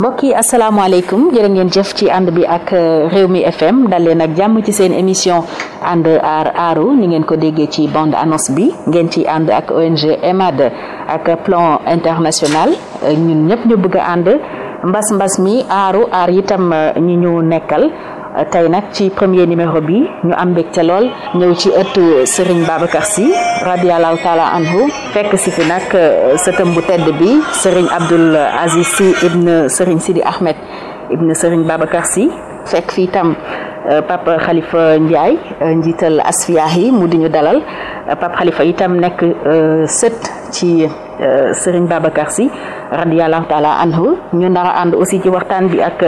mbokk yi asalaamaaleykum jërë ngeen jëf ci ànd bi ak euh, réew mi FM dal leen ak jàmm ci seen émission ànd aar aaru ni ngeen ko déggee ci bande annonce bi ngeen ci ànd ak ONG EMAD ak plan international euh, ñun ñëpp ñu bëgg ànd mbas mbas mi aaru aar itam euh, ñi ñu nekkal tey nag ci premier numéro bi ñu am mbégte lool ñëw ci ëttu Serigne Babacar Sy radiallahu taala anhu fekk si fi nag euh, sëtam bu tedd bi sëriñ Abdoul Aziz ci ibn Serigne Sidi Ahmed ibn Serigne Babacar Sy fekk fii tam euh, Papa Khalifa Ndiaye euh, njiital asfiyaah yi mu di ñu dalal Papa Khalifa itam nekk sët ci Serigne Babacar Sy radiallahu taala anhu ñu nar ànd aussi ci waxtaan bi ak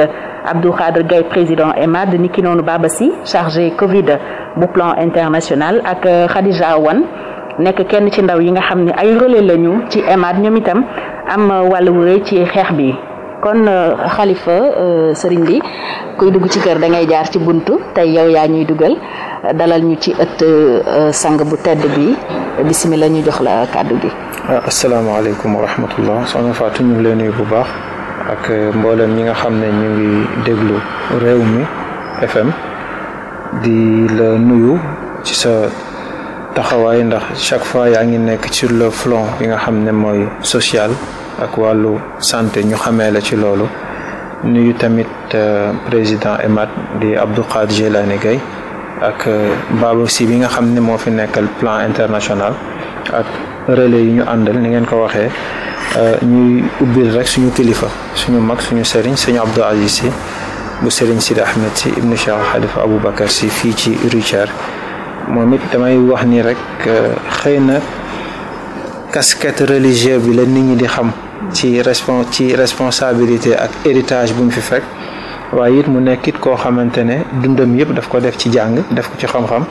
Abdou Khadre Gaye président EMAD niki noonu Baba Sy chargé Covid bu plan international ak euh, Khadija Wan nekk kenn ci ndaw yi nga xam ne ay relais lañu ci EMAD ñoom itam am euh, wall wu rëy ci xeex bi. kon xalifa euh, sëriñ bi kuy dugg ci kër da ngay jaar ci buntu tey yow yaa ñuy dugal dalal ñu ci ëtt sang bu tedd bi bisimilah ñu jox la kàddu gi. Ah, asalaamaaleykum wa rahmatullah soxna Fatou ñu ngi lay bu baax. ak euh, mboolem ñi nga xam ne ñu ngi déglu réew mi FM di la nuyu ci sa taxawaay ndax chaque fois yaa ngi nekk sur le front bi nga xam ne mooy social ak wàllu santé ñu xamee la ci loolu nuyu tamit euh, président EMAD di Abdou Khadre Djeylani Gaye ak euh, Baba si bi nga xam ne moo fi nekkal plan international ak relais yi ñu àndal ni ngeen ko waxee euh, ñuy ubbil rek suñu kilifa suñu mag suñu sëriñ suñu Abdou Aziz si bu sëriñ Sidi Ahmed si ibnu Cheikh abu Aboubacar si fii ci Richard moom it damay wax ni rek euh, xëy na casquette religieuse bi la nit ñi di xam ci respon ci responsabilité ak éritage bu ñu fi fekk waaye it mu nekk it koo xamante ne dundam yëpp daf ko def ci jàng def ko ci xam-xam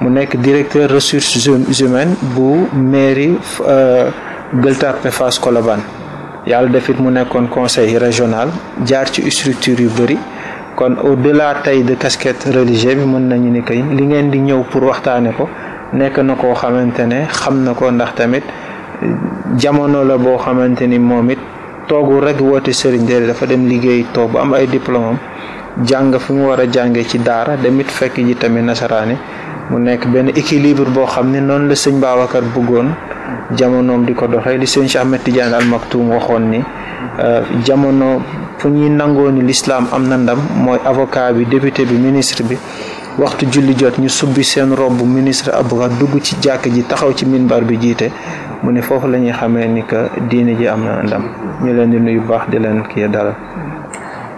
mu nekk directeur ressources humaines bu mairie euh, Gueule Tapée Fass Colobane yàlla def it mu nekkoon conseil régional jaar ci structure yu bëri kon au delà tey de casquette religieuse bi mën nañu ni kay li ngeen di ñëw pour waxtaane ko nekk na koo xamante ne xam na ko ndax tamit euh, jamono la boo xamante ni moom it toogul rek woote sëriñ déedéet dafa dem liggéey toog bu am ay diplôme jàng fu mu war a jàngee ci daara demit fekk ji tamit nasaraane mu nekk benn équilibre boo xam ne noonu la sëñ Babacar bëggoon jamonoom di ko doxee li sëñ Cheikh Ahmed Tidiane waxoon ni euh, jamono fu ñuy nangoo lislaam am na ndam mooy avocat bi député bi ministre bi waxtu julli jot ñu subbi seen robb ministre avocat dugg ci jàkk ji taxaw ci minbar bi jiite mu ne foofu la ñuy xamee ni que diine ji am na ndam ñu leen di nuyu baax di leen kii dalal.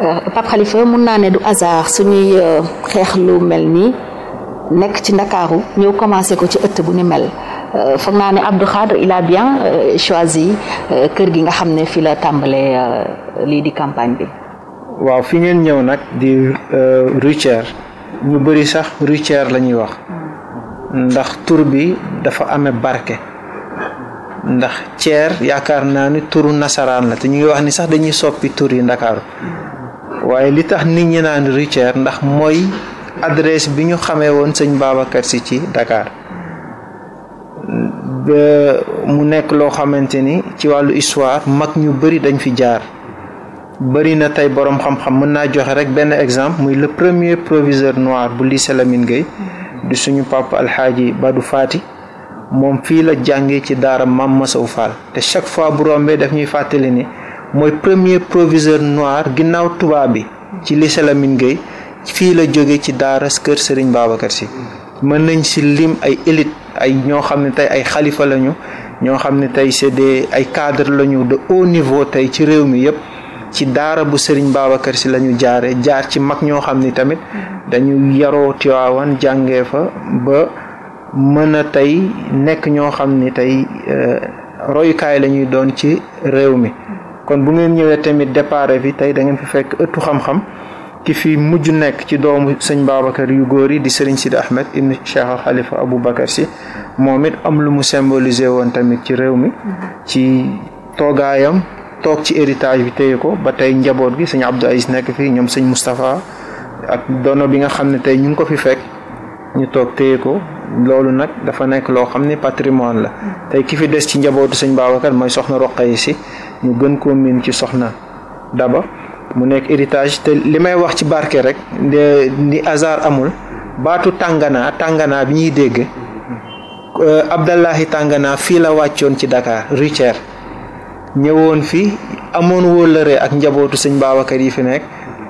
Euh, Pape Khalifa mun naa ne du hasard suñuy euh, xeex lu mel nii nekk ci ndakaaru ñëw commencé ko ci ëtt bu ni mel. Euh, foog naa ne Abdou Khadre il a bien choisi kër gi nga xam ne fi la tàmbalee lii di campagne bi. waaw fi ngeen ñëw nag di Rutière ñu bëri sax Rutière la ñuy wax. ndax tur bi dafa ame barke. ndax ceer yaakaar naa ni turu nasaraan la te ñu ngi wax ni sax dañuy soppi tur yi ndakaaru waaye li tax nit ñi naan rue ndax mooy adresse bi ñu xamee woon sëñ Babacar si ci ndakaar mu nekk loo xamante ni ci wàllu histoire mag ñu bëri dañ fi jaar bëri na tey boroom xam-xam mën naa joxe rek benn exemple muy le premier proviseur noir bu lycée Lamine Gueye di suñu papa alxaaji Badou Fati moom fii la jànge ci daara Mame Massaw Fall te chaque fois bu rombee daf ñuy fàttali ni mooy premier proviseur noir ginnaaw tubaab bi ci lycée Lamine Gueye fii la jóge ci daara kër Serigne Babacar Sy mën nañ si lim ay élite ay ñoo xam ne tey ay xalifa lañu ñoo xam ne tey c'est des ay cadre lañu de haut niveau tey ci réew mi yëpp ci daara bu Serigne Babacar si la ñu jaare jaar ci mag ñoo xam ni tamit dañu yaroo Tiwaawan jàngee fa ba mën a tey nekk ñoo xam ni tey euh, royukaay lañuy doon ci réew mi kon bu ngeen ñëwee tamit départ bi tey da ngeen fi fekk ëttu xam-xam ki fi mujj nekk ci doomu sëñ Babacar yu góor yi di sëriñ Sidi Ahmed ibn Cheikh al Khalifa Aboubacar si moom it am lu mu symboliser woon tamit ci réew mi ci toogaayam toog ci héritage bi téye ko ba tey njaboot gi sëñ Abdou Aziz nekk fi ñoom sëñ Moustapha ak dono bi nga xam ne tey ñu ngi ko fi fekk ñu toog téye ko loolu nag dafa nekk loo xam ne patrimoine la tey ki fi des ci njabootu sëñ Babacar mooy soxna Roqaya si ñu gën koo miin ci soxna Daba mu nekk héritage te li may wax ci barke rek ni hasard amul baatu tànganaa tànganaa bi ñuy dégg euh, Abdallahi tànganaa fii la wàccoon ci Dakar Richard ñëwoon fi amoon wóllëre ak njabootu sëñ Babacar yi fi nekk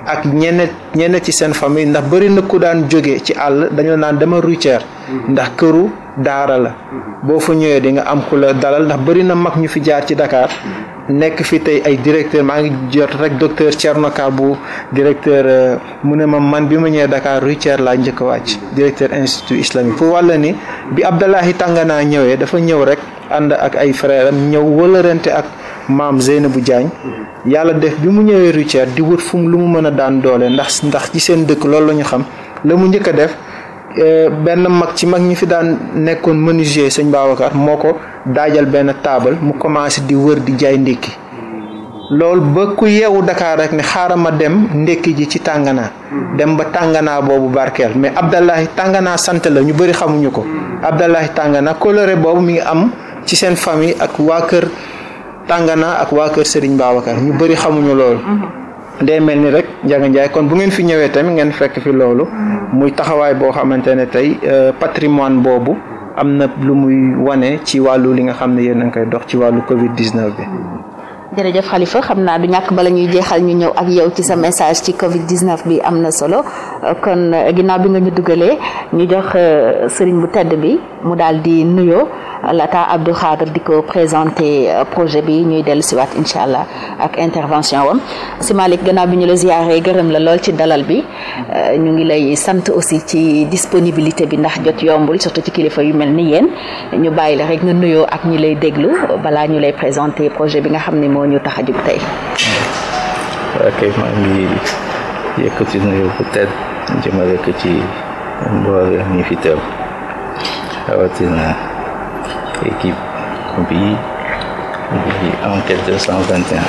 ak ñenn ñenn ci seen famille ndax bëri na ku daan jóge ci àll dañu naan dama routière mhm. ndax këru daara la mhm. boo fa ñëwee di nga am ku la dalal ndax bëri na mag ñu fi jaar ci dakaar mhm. nekk fi tey ay directeur maa ngi jot rek docteur Thierno Ka bu directeur euh, mu ne ma man bi ma ñëwee Dakar rue laa njëkk wàcc directeur institut islamique pour walla ni bi Abdallahi naa ñëwee dafa ñëw rek ànd ak ay frère am ñëw wëlërante ak maam bu Diagne yàlla def bi mu ñëwee routière di wut fu lu mu mën a daan doole ndax ndax ci seen dëkk loolu la ñu xam la mu njëkk a def eh, benn mag ci mag ñi fi daan nekkoon menuisier sëñ Babacar moo ko daajal benn taabal mu commencé di wër di jaay ndékki loolu ba ku yeewu Dakar rek ne xaaral ma dem ndékki ji ci tàng tànganaa dem ba tàng naa boobu barkeel mais tàng naa sant la ñu bëri xamuñu ko tàng tànganaa coloré boobu mi ngi am ci seen famille ak waa kër tàngana ak waa kër Serigne Babacar ñu bëri xamuñu loolu. day mel ni rek Ndiaga Ndiaye kon bu ngeen fi ñëwee tamit ngeen fekk fi loolu. muy taxawaay boo xamante ne tey euh, patrimoine boobu am na lu muy wane ci wàllu li nga xam ne yéen a ngi koy dox ci wàllu Covid 19 bi. jërëjëf Khalifa xam naa du ñàkk bala ñuy jeexal ñu ñëw ak yow ci sa message ci Covid 19 bi am na solo euh, kon euh, ginnaaw bi nga ñu dugalee ñu jox sëriñ bu tedd bi mu daal di nuyoo. laata Abdou Khadre di ko présenté euh, projet bi ñuy dellu siwaat incha allah ak intervention wam si Malick gannaaw bi ñu la ziyaaree gërëm la lool ci dalal bi euh, ñu ngi lay sant aussi ci disponibilité bi ndax jot yombul surtout ci kilifa yu mel ni yéen ñu bàyyi la rek nga nuyoo ak ñi lay déglu balaa ñu lay présenté projet bi nga xam ni moo ñu tax a jub tey. ok maa ngi yëkkati nuyu bu tedd jëmale ko ci mboolem ñi fi teew équipe bi bi enquête 221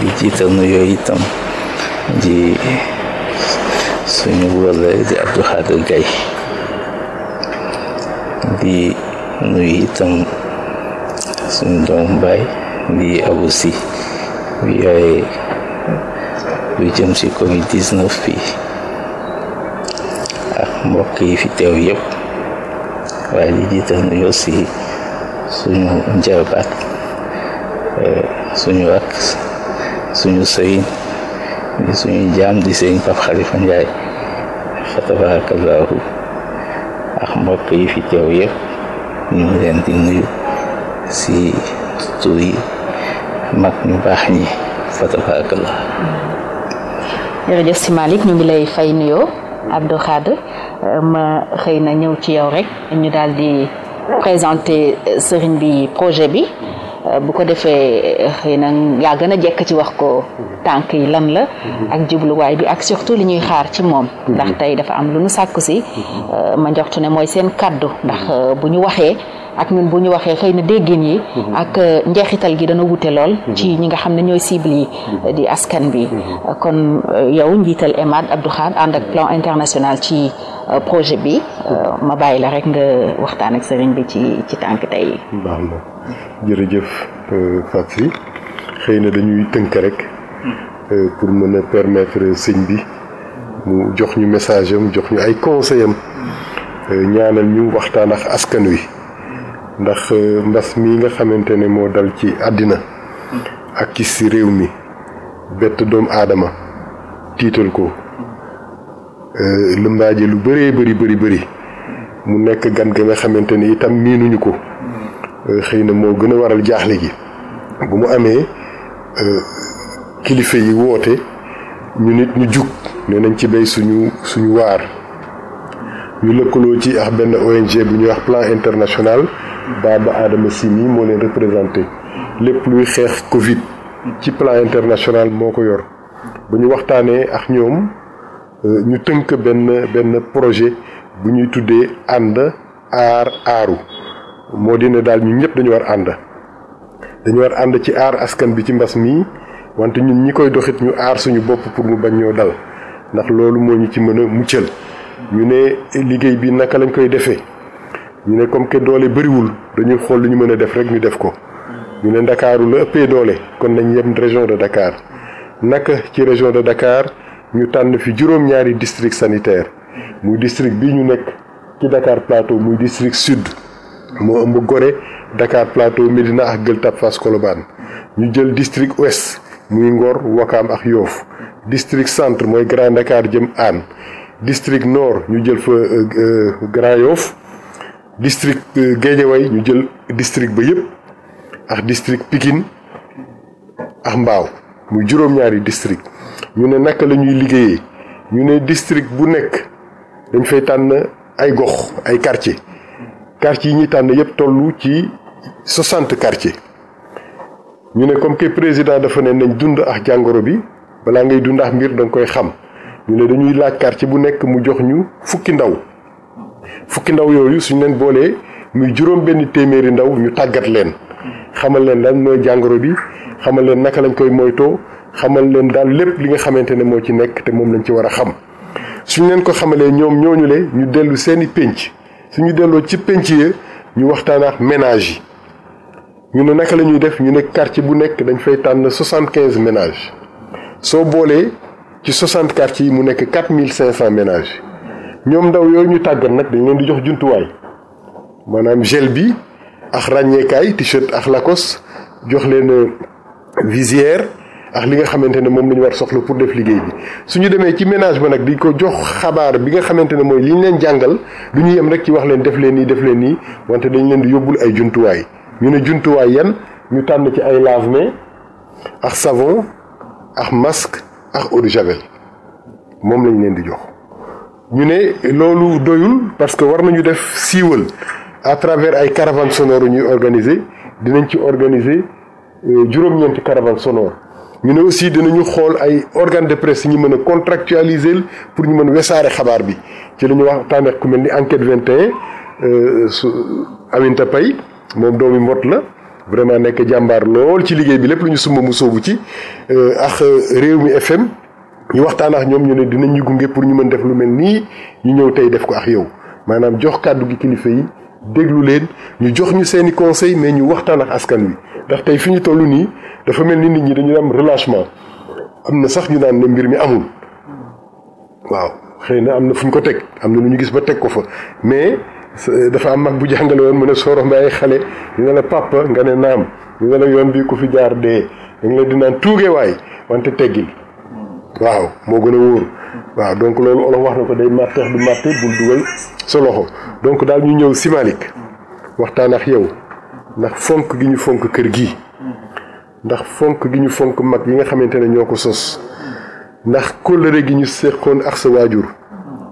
bi jiital nu yooyu itam di suñu wërle di Abdou Khader Gaye di nuyu itam suñu doom baay di Abou bi yooye bi jëm ci covid 19 bi ak mbokk yi fi teew yëpp waaye di jiital nuyu aussi suñu njabaat suñu ak suñu sëriñ di suñu jaam di sëriñ Pap Xalifa Njaay fa tabarakallahu ak mbokk yi fi teew ñu ngi leen di nuyu si tur yi mag ñu baax ñi fa tabarakallahu jërëjëf si Malick ñu ngi lay fay nuyoo Abdou Khadre ma xëy na ñëw ci yow rek ñu daal di présenter euh, sëriñ bi projet bi euh, bu ko defee xëy na yaa na jekk ci wax ko tànk yi lan la ak jubluwaay bi ak surtout li ñuy xaar ci moom ndax tey dafa am lu nu sàkku si mhm. euh, ma njortu ne mooy seen kaddu ndax bu ñu waxee ak ñun bu ñu waxee xëy na déggin yi mhm. ak euh, njeexital gi dana wute lool mhm. ci ñi nga xam ne ñooy cible yi mhm. di askan bi kon euh, yow njiital EMAD Abdou Khadre ànd ak plan international ci euh, projet bi ma bàyyi rek nga waxtaan ak sëriñ bi ci tànk tey yi baax na jërëjëf Fatou Sy xëy na dañuy tënk rek hmm. pour mën a permettre sëñ bi mu jox ñu message am jox ñu ay conseil am hmm. ñaanal ñu waxtaan askan wi ndax euh, mbas mi nga xamante ne moo dal ci àddina ak ci si réew mi bett doomu aadama tiital ko euh, lëmbaaje lu bëree bëri bëri bëri mu nekk gan ga nga xamante ni itam miinuñu ko euh, xëy na moo gën a waral jaaxle gi bu mu amee kilifa yi woote ñu nit ñu jug nee nañ ci bay suñu suñu waar ñu lëkkaloo ci ak benn ONG bu ñu wax plan international Daba aadama Sy mii moo leen représenté lépp luy xeex Covid ci plan international moo ko yor bu ñu waxtaanee ak ñoom euh, ñu tënk benn benn projet bu ñuy tuddee ànd aar aaru moo di ne daal ñu ñëpp dañu war ànd dañu war ànd ci aar askan bi ci mbas mii wante ñun ñi koy doxit ñu aar suñu bopp pour mu bañ ñoo dal ndax loolu moo ñu ci mën a muccal ñu ne liggéey bi naka lañ koy defee ñu ne comme que doole bëriwul dañuy xool lu ñu mën a def rek ñu def ko ñu ne ndakaaru la ëppee doole kon nañ yem région de Dakar naka ci région de Dakar ñu tànn fi juróom-ñaari district sanitaire muy district bi ñu nekk ci Dakar Plateau muy district sud moo ëmb gore Dakar Plateau Médina ak Gueule Tapée Fass Colobane ñu jël district ouest muy Ngor Wakaam ak Yoff district centre mooy Grand Dakar jëm Hann district noor ñu jël fa euh, euh, Grand Yoff district euh, way ñu jël district ba yëpp ax district Pikine ax Mbao muy juróom-ñaari district ñu ne naka la ñuy liggéeyee ñu ne district bu nekk dañ fay tànn ay gox ay quartier quartier yi ñuy tànn yëpp tollu ci soixante quartier ñu ne comme que président dafa ne nañ dund ak jàngoro bi balaa ngay dund ax mbir dañ koy xam ñu ne dañuy laaj karce bu nekk mu jox ñu fukki ndaw fukki ndaw yooyu suñ leen boolee muy juróom benn téeméeri ndaw ñu tàggat leen xamal leen lan mooy jàngoro bi xamal leen naka lañ koy moytoo xamal leen daal lépp li nga xamante ne moo ci nekk te moom lañ ci war a xam suñ leen ko xamalee ñoom ñooñu le ñu dellu seeni pénc suñu delloo ci pénc yi ñu waxtaan ak yi ñu ne naka la ñuy def ñu ne quartier bu nekk dañ fay tànn soixante quinze ménages soo boolee ci soixante quartiers yi mu nekk quatre mille cinq cent ménages ñoom ndaw yooyu ñu tàggat nag dañu leen di jox juntuwaay maanaam gel bi ak ràññeekaay t ak lakos jox leen euh, visière ak li nga xamante ne moom nañu ñu war soxla pour def liggéey bi suñu demee ci ménage ba nag di ko jox xabaar bi nga xamante ne mooy li ñu leen jàngal du ñu yem rek ci wax leen def leen nii def leen nii wante dañ leen di yóbbul ay jumtuwaay ñu ne jumtuwaay yan ñu tànn ci ay lave ak savon ak mask ak eau de javel moom lañ leen di jox ñu ne loolu doyul parce que war nañu def siiwal à travers ay caravanes sonores ñuy organiser dinañ ci organiser euh, juróom-ñeenti caravanes sonores ñu ne aussi dinañu xool ay organes de presse ñu mën a contractualiser pour ñu mën wesaare xabaar bi ci la ñu waxtaan ak ku mel ni enquête 21 euh, su Aminta Paye moom doomi mbott la vraiment nekk jàmbaar lool ci liggéey bi lépp lu ñu sumb mu soobu ci euh, ax réew mi FM. ñu waxtaan ak ñoom ñu ne dinañ ñu gunge pour ñu mën def lu mel nii ñu ñëw tey def ko ak yow maanaam jox kàddu gi kilifa yi déglu leen ñu jox ñu seeni conseil mais ñu waxtaan ak askan wi ndax tey fi ñu toll nii dafa mel ni nit ñi dañu am relâchement am na sax ñu naan ne mbir mi amul waaw xëy na am na fu ñu ko teg am na lu ñu gis ba teg ko fa mais dafa am mag bu jàngale woon mu ne soo rombee ay xale ñu ne la papa nga ne naam ñu ne la yoon bi ku fi jaar dee dañ la dinaan tuuge wante teggil waaw moo gën a wóor waaw donc loolu olof wax na ko day màtteex du màtte bul dugal sa loxo donc daal ñu ñëw simalik waxtaan ak yow ndax fonk gi ñu fonk kër gi ndax fonk gi ñu fonk mag yi nga xamante ne ñoo ko sos ndax kóllëre gi ñu seqoon ak sa waajur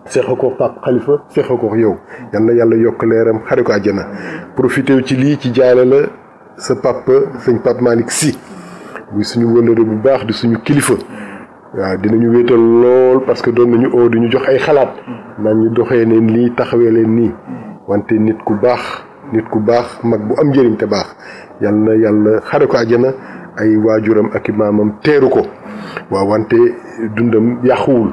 seq ko Pape Khalifa seq ko yow yal na yàlla yokk leeram xare ko àjjana profité wu ci lii ci jaale la sa papa sëñ Pape Malick Sy muy suñu wëllëre bu baax di suñu kilifa waaw dinañu wéetal lool parce que doon nañu oo di ñu jox ay xalaat naan ñu doxee leen lii taxawee leen nii wante nit ku baax nit ku baax mag bu am njëriñ te baax yal na yàlla xare ko àjjana ay waajuram ak i maamam teeru ko waaw wante dundam yàquwul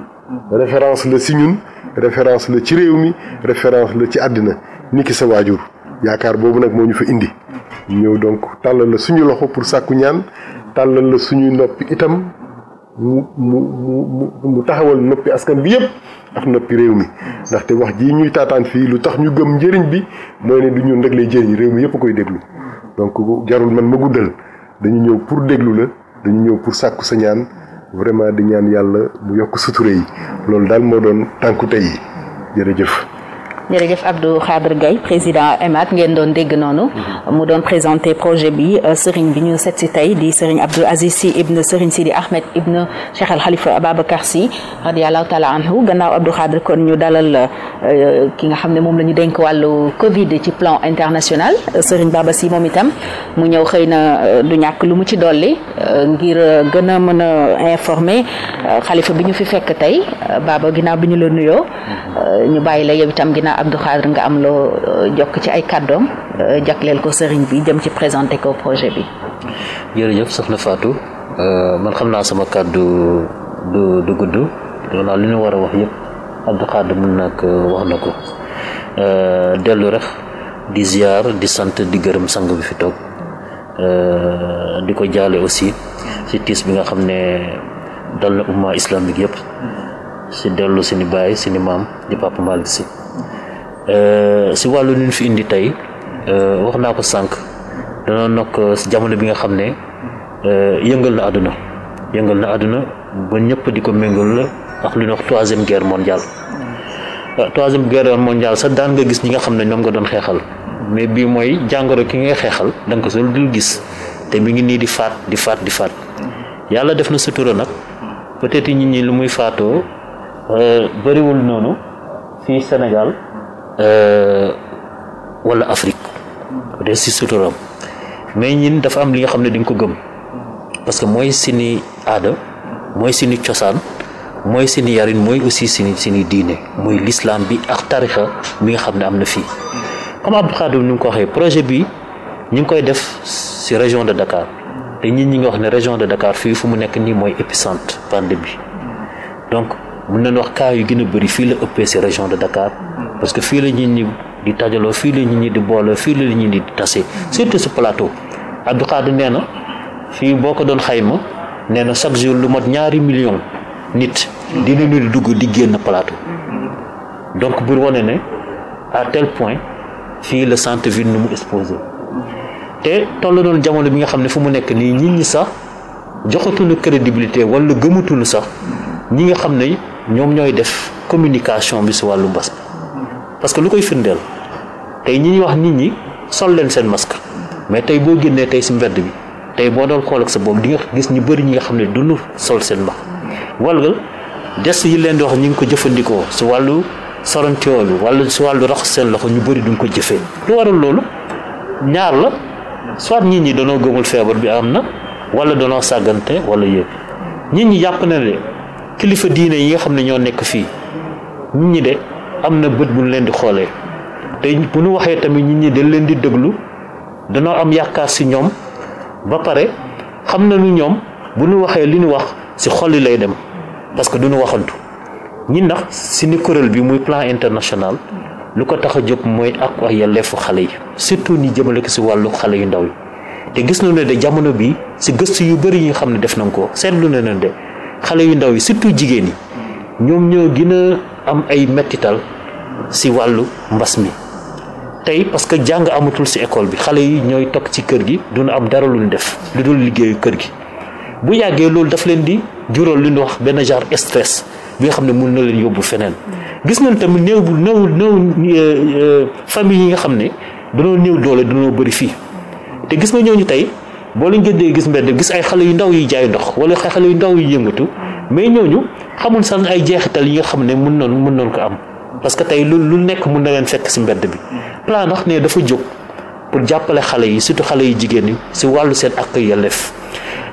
référence la si ñun référence la ci réew mi référence la ci àddina ni ki sa waajur yaakaar boobu nag moo ñu fa indi ñëw donc tàllal la suñu loxo pour sàkku ñaan tàllal la suñu noppi itam mu mu mu mu taxawal noppi askan bi yëpp ak noppi réew mi ndaxte wax jii ñuy taataan fii lu tax ñu gëm njëriñ bi mooy ne du ñu ndegle lay réew mi yëpp koy déglu donc jarul man ma guddal dañu ñëw pour déglu la dañu ñëw pour sàkku sa ñaan vraiment di ñaan yàlla mu yokk suture yi loolu daal moo doon tànku tey yi jërëjëf jërëjëf Abdou Khadre Gaye président EMAD ngeen doon dégg noonu. mu doon présenté projet bi euh, sëriñ bi ñu set tey di sëriñ Abdou Aziz Sy ibn sëriñ Sidi Ahmed ibn Cheikh Al Khalifa Ababacar Sy radiyallahu taala anhu gannaaw Abdou Khadre kon ñu dalal euh, ki nga xam ne moom la ñu dénk wàllu Covid ci plan international euh, sëriñ Baba si moom itam mu ñëw xëy na du ñàkk lu mu ci dolli ngir gën a mën a informer xalifa bi ñu fi fekk tey Baba ginnaaw bi ñu la nuyoo ñu bàyyi la Abdou Khadre nga am loo euh, jokk ci ay kàddoom euh, leen ko sëriñ bi jëm ci présenté ko projet bi. jërëjëf soxna Fatou euh, man xam naa sama kàddu du du gudd loolu li ñu war a wax yëpp Abdou Khadre mën na ko wax na ko dellu rek di ziar di sant di gërëm sang bi fi toog di ko jaale aussi ci tiis bi nga xam ne dal na umma islamique yëpp. si dellu suñu baay suñu maam di Papa Malick Sy Euh, si wàllu nu fi indi tey euh, wax naa ko sànq dana nokk euh, si jamono bi nga xam ne yëngal na àdduna yëngal na àdduna ba ñëpp di ko méngal la ak lu ne wax troisième guerre mondiale troisième guerre mondiale sax daan nga gis ñi nga xam ne ñoom nga doon xeexal mais bii mooy jàngoro ki ngay xeexal da nga ko sol dul gis te mi ngi nii di faat di faat di faat yàlla def na sutura nag peut-être nit ñi lu muy faatoo bariwul noonu fii senegal Euh, wala Afrique hmm. de si suturam mais ñin dafa am li nga xam ne dañ ko gëm parce que mooy sini aada mooy sini cosaan mooy sini yarin mooy aussi sini sini diine mooy l'islam bi ak tarixa mi nga xam ne am na fii comme Abdou Khadim ni mu ko waxee projet bi ñu ngi koy def si région de Dakar te ñit ñi nga wax ne région de Dakar fii fu mu nekk nii mooy épicentre pandémie bi hmm. donc mun na nañ wax cas yu gën a bëri fii la ëppee si région de Dakar parce que fii la nit ñi di tajaloo fii la nit ñi di boole fii la nit ñi di tase surtout si plateau Abdou nee na fii boo ko doon xayma nee na chaque jour lu mat ñaari million nit dinañu di dugg di génn plateau donc bu wane ne à tele point fii la cent ville nu mu exposé te toll noonu jamono bi nga xam ne fu mu nekk nii nit ñi sax joxatuñu crédibilité wala gëmatuñu sax ñi nga xam ne ñoom ñooy def communication bi si wàllu mbas parce que lu koy firndeel tey ñi ñuy wax nit ñi sol leen seen masque mais tey boo génnee tey si mbedd bi tey boo doon xool ak sa boobu di nga gis ñu bëri ñi nga xam ne du ñu sol seen masque walgal des yi leen di wax ñu ngi ko jëfandikoo si wàllu sorantewoo bi wala si wàllu raxas seen loxo ñu bëri duñ ko jëfee lu waral loolu ñaar la soit nit ñi danoo gëmul feebar bi am na wala danoo sàggante wala yéeg nit ñi jàpp na ne kilifa diine yi nga xam ne ñoo nekk fii ñi de am na bët bu ñu leen di xoolee te bu ñu waxee tamit nit ñi dañ leen di déglu danoo am yaakaar si ñoom ba pare xam na nañu ñoom bu nu waxee li ñu wax si xol lay dem parce que du waxantu ñi nax si ni kuréel bi muy plan international lu ko tax a jóg mooy ak ay xale yi surtout ni jëmale ko si wàllu xale yu ndaw yi te gis nañu ne de jamono bi si gëstu yu bëri yi xam ne def nañ ko seetlu na ne de xale yu ndaw yi surtout jigéen yi. ñoom ñoo gën a am ay mettital si wàllu mbas mi tey parce que jàng amatul si école bi xale yi ñooy toog ci kër gi duna am dara lu ñu def lu dul liggéeyu kër gi bu yàggee loolu daf leen di jural lu ñu wax benn genre stress bi nga xam ne mun na leen yóbbu feneen gis nañ tamit néew euh, euh, yi nga xam ne danoo néew doole danoo bëri fii te gis nga ñooñu tey boo leen gën dee gis mbedd gis ay xale yu ndaw yi jaay ndox wala xale yu ndaw yuy yëngatu mais ñooñu xamul sax ay jeexital yi nga xam ne mun noonu mun noonu ko am parce que tey lu lu nekk mën na leen fekk si mbedd bi plan ndax ne dafa jóg pour jàppale xale yi surtout xale yu jigéen ñi si wàllu seen ak yelleef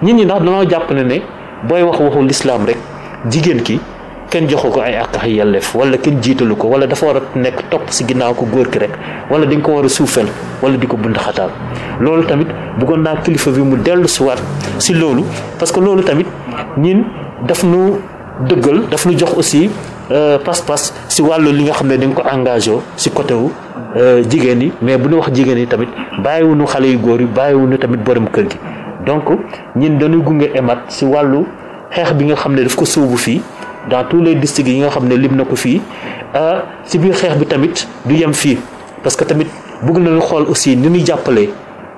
nit ñi ndax danoo jàpp ne ne booy wax waxu lislaam rek jigéen ki kenn joxu ko ay ak yelleef wala kenn jiitalu ko wala dafa war a nekk topp si ginnaaw ko góor ki rek wala di ko war a suufeel wala di ko bund loolu tamit bëggoon kilifa bi mu dellu si si loolu daf nu dëggal daf nu jox aussi euh, pas-pas si wàllu li nga xam ne dañ ko engagé si côté wu euh, jigéen yi mais bu ñu wax jigéen yi tamit bàyyiwuñu xale yu góor yi bàyyiwuñu tamit borom kër gi donc ñun dañuy gunge emat si wàllu xeex bi nga xam ne daf ko sóobu fii dans tout les districts yi nga xam ne lim na ko fii euh, si biir xeex bi tamit du yem fii parce que tamit bëgg nañu xool aussi ni ñuy jàppalee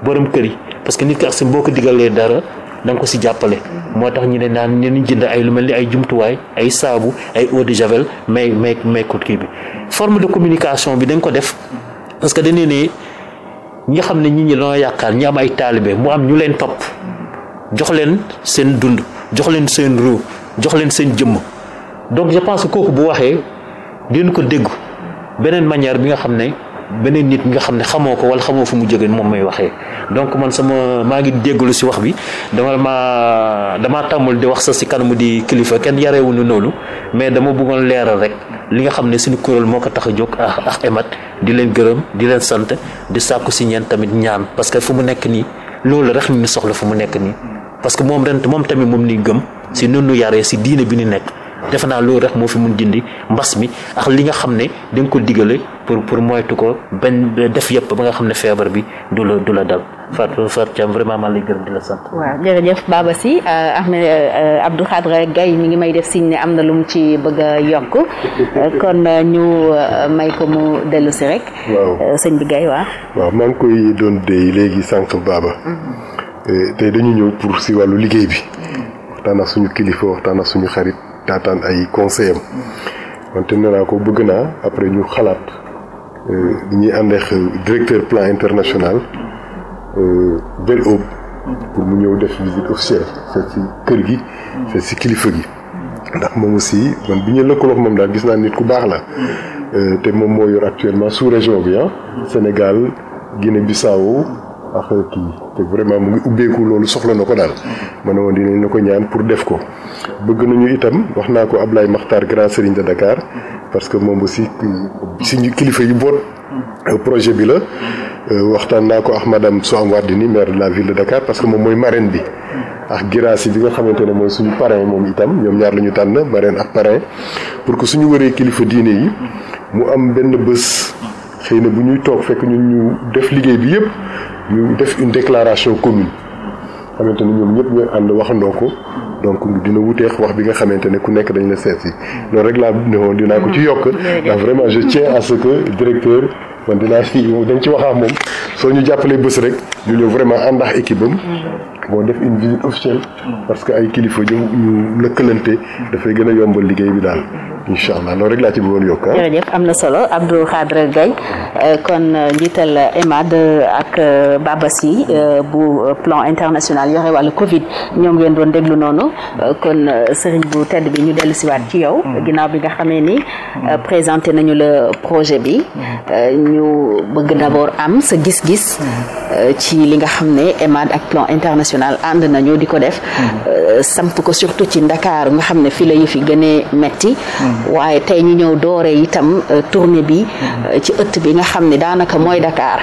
borom kër yi parce que nit ki ak si boo ko digalee dara na nga ko si jàppale moo tax ñu ne naan ñu jënd ay lu mel ni ay jumtuwaay ay saabu ay eau de javel may may may ko kii bi forme de communication bi dañ ko def parce que dañu ne ñi xam ne ñi ñi dañoo yaakaar ñi am ay taalibe mu am ñu leen topp jox leen seen dund jox leen seen ruu jox leen seen jëmm donc je kooku bu waxee dinañ ko dégg beneen manière bi nga xam ne beneen nit nga xam ne xamoo ko wala xamoo fu mu jógee moom may waxee donc man sama maa ngi déggalu si wax bi dama ma damaa tàmmul di wax sa si kanamu di kilifa kenn yarewuñu noonu mais dama buggoon leeral rek li nga xam ne suñu kuréel moo ko tax a jóg ah ah emat di leen gërëm di leen sant di sàkku si ñeen tamit ñaan parce que fu mu nekk nii loolu rek ñu soxla fu mu nekk nii parce que moom ren moom tamit moom ni gëm si nunu yaree si diine bi nu nekk defe naa loolu rek moo fi mun dindi mbas mi ak li nga xam ne da nga ko digale pour pour moytu ko benn def yëpp ba nga xam ne feebar bi du la du la dal. Fatou Fatou Thiam vraiment ma lay gërëm di la sant. waaw jërëjëf Baba si euh, Ahmed euh, Abdou Khadre Gaye mi ngi may def signe ne am na lu mu ci bëgg a yokk euh, kon ñu may ko mu dellu si rek. waaw sëñ bi Gaye waaw. waaw koy doon dey léegi sànq Baba. Mhm. tey dañu ñëw pour si wàllu liggéey bi. Mhm. waxtaan ak suñu kilifa waxtaan suñu xarit. taataan ay conseil am wante nee naa ko bëgg naa après ñu xalaat li euh, ñuy àndeex directeur plan international bel euh, ëpp pour mu ñëw def visite officielle seet si kër gi seet si kilifa gi ndax moom aussi man bi ñu lëkkaloog moom daal gis naa nit ku baax la euh, te moom moo yor actuellement sous région bi ah Sénégal Guinée Bissau ak vraiment mu ngi ubbeeku loolu soxla na ko daal ma ne woon dinañ la ko ñaan pour def ko bëgg nañu itam wax naa ko ab Ablaye Makhtar grand serigne de Dakar parce que moom aussi suñu kilifa yu boot euh, projet bi la euh, waxtaan naa ko ak madame Soham Wardini maire de la ville de Dakar que moom mooy marraine bi ak giraas bi nga xamante ne mooy suñu parrain moom itam ñoom ñaar la ñu tànn marraine ak parrain pour que suñu waree kilifa diine yi mu am benn bés xëy na bu ñuy toog fekk ñu ñu def liggéey bi yëpp ñu def une déclaration commune xamante ni ñoom ñëpp ñooy ànd waxandoo ko donc dina wuteex wax bi nga xamante ne ku nekk dañu la seet si loolu rek laa ne woon dinaa ko ci yokk mm-hmm. ndax vraiment je tiens à que directeur man dinaa si dañ ci waxaa moom soo ñu jàppalee bés rek ñu ñëw vraiment ànd ak équipe am mm-hmm. boo def une visite officielle mm-hmm. parce que ay kilifa ñu ñu lëkkalante dafay gën a yombal liggéey bi daal incha allah loolu rek laa ci bëggoon yokk ah. am na solo Abdou Khadre Gaye euh, kon euh, njiital euh, EMAD ak Baba Sy bu plan international yore wàllu Covid ñoom ngeen doon déglu noonu kon sëriñ bu tedd bi ñu dellu si waat ci yow. Mm-hmm. ginnaaw bi nga xamee ni. Mm-hmm. présenté nañu la projet bi. Mm-hmm. ñu bëgg d'abord am sa gis-gis. ci li nga xam ne EMAD ak plan international ànd nañu di ko def. samp ko surtout ci Ndakaaru nga xam ne fii la yëf yi gënee metti waaye tey ñu ñëw doore itam euh, tournée bi euh, ci ëtt bi nga xam ne daanaka mooy Dakar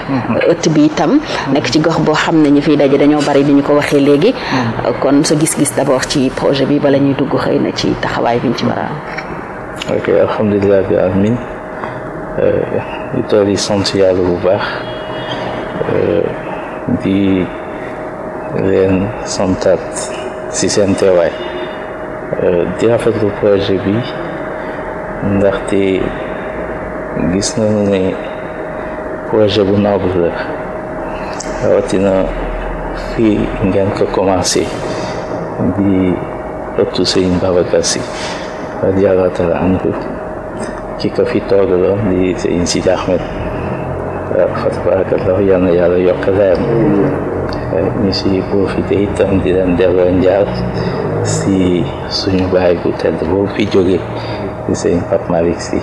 ëtt bi itam nekk ci gox boo xam ne ñu fi daje dañoo bari bi ko waxee léegi kon sa gis-gis d'abord ci projet bi bala ñuy dugg xëy na ci taxawaay bi ñu ci war bi amin euh, di tool yi bu baax di leen si seen teewaay di rafetlu projet bi ndaxte gis nañu ne projet bu noble la na fii ngeen ko commencé di ëttu sëñ Babacar Sy radiallahu taala anhu ki ko fi toogaloon di sëñ Sidi Ahmed fa tabarakallahu yal na yàlla yokk leer ñu si profité di leen delloo njaar si suñu baay bu tedd boobu fi jóge Hmm. di sëñ Pape Malick Sy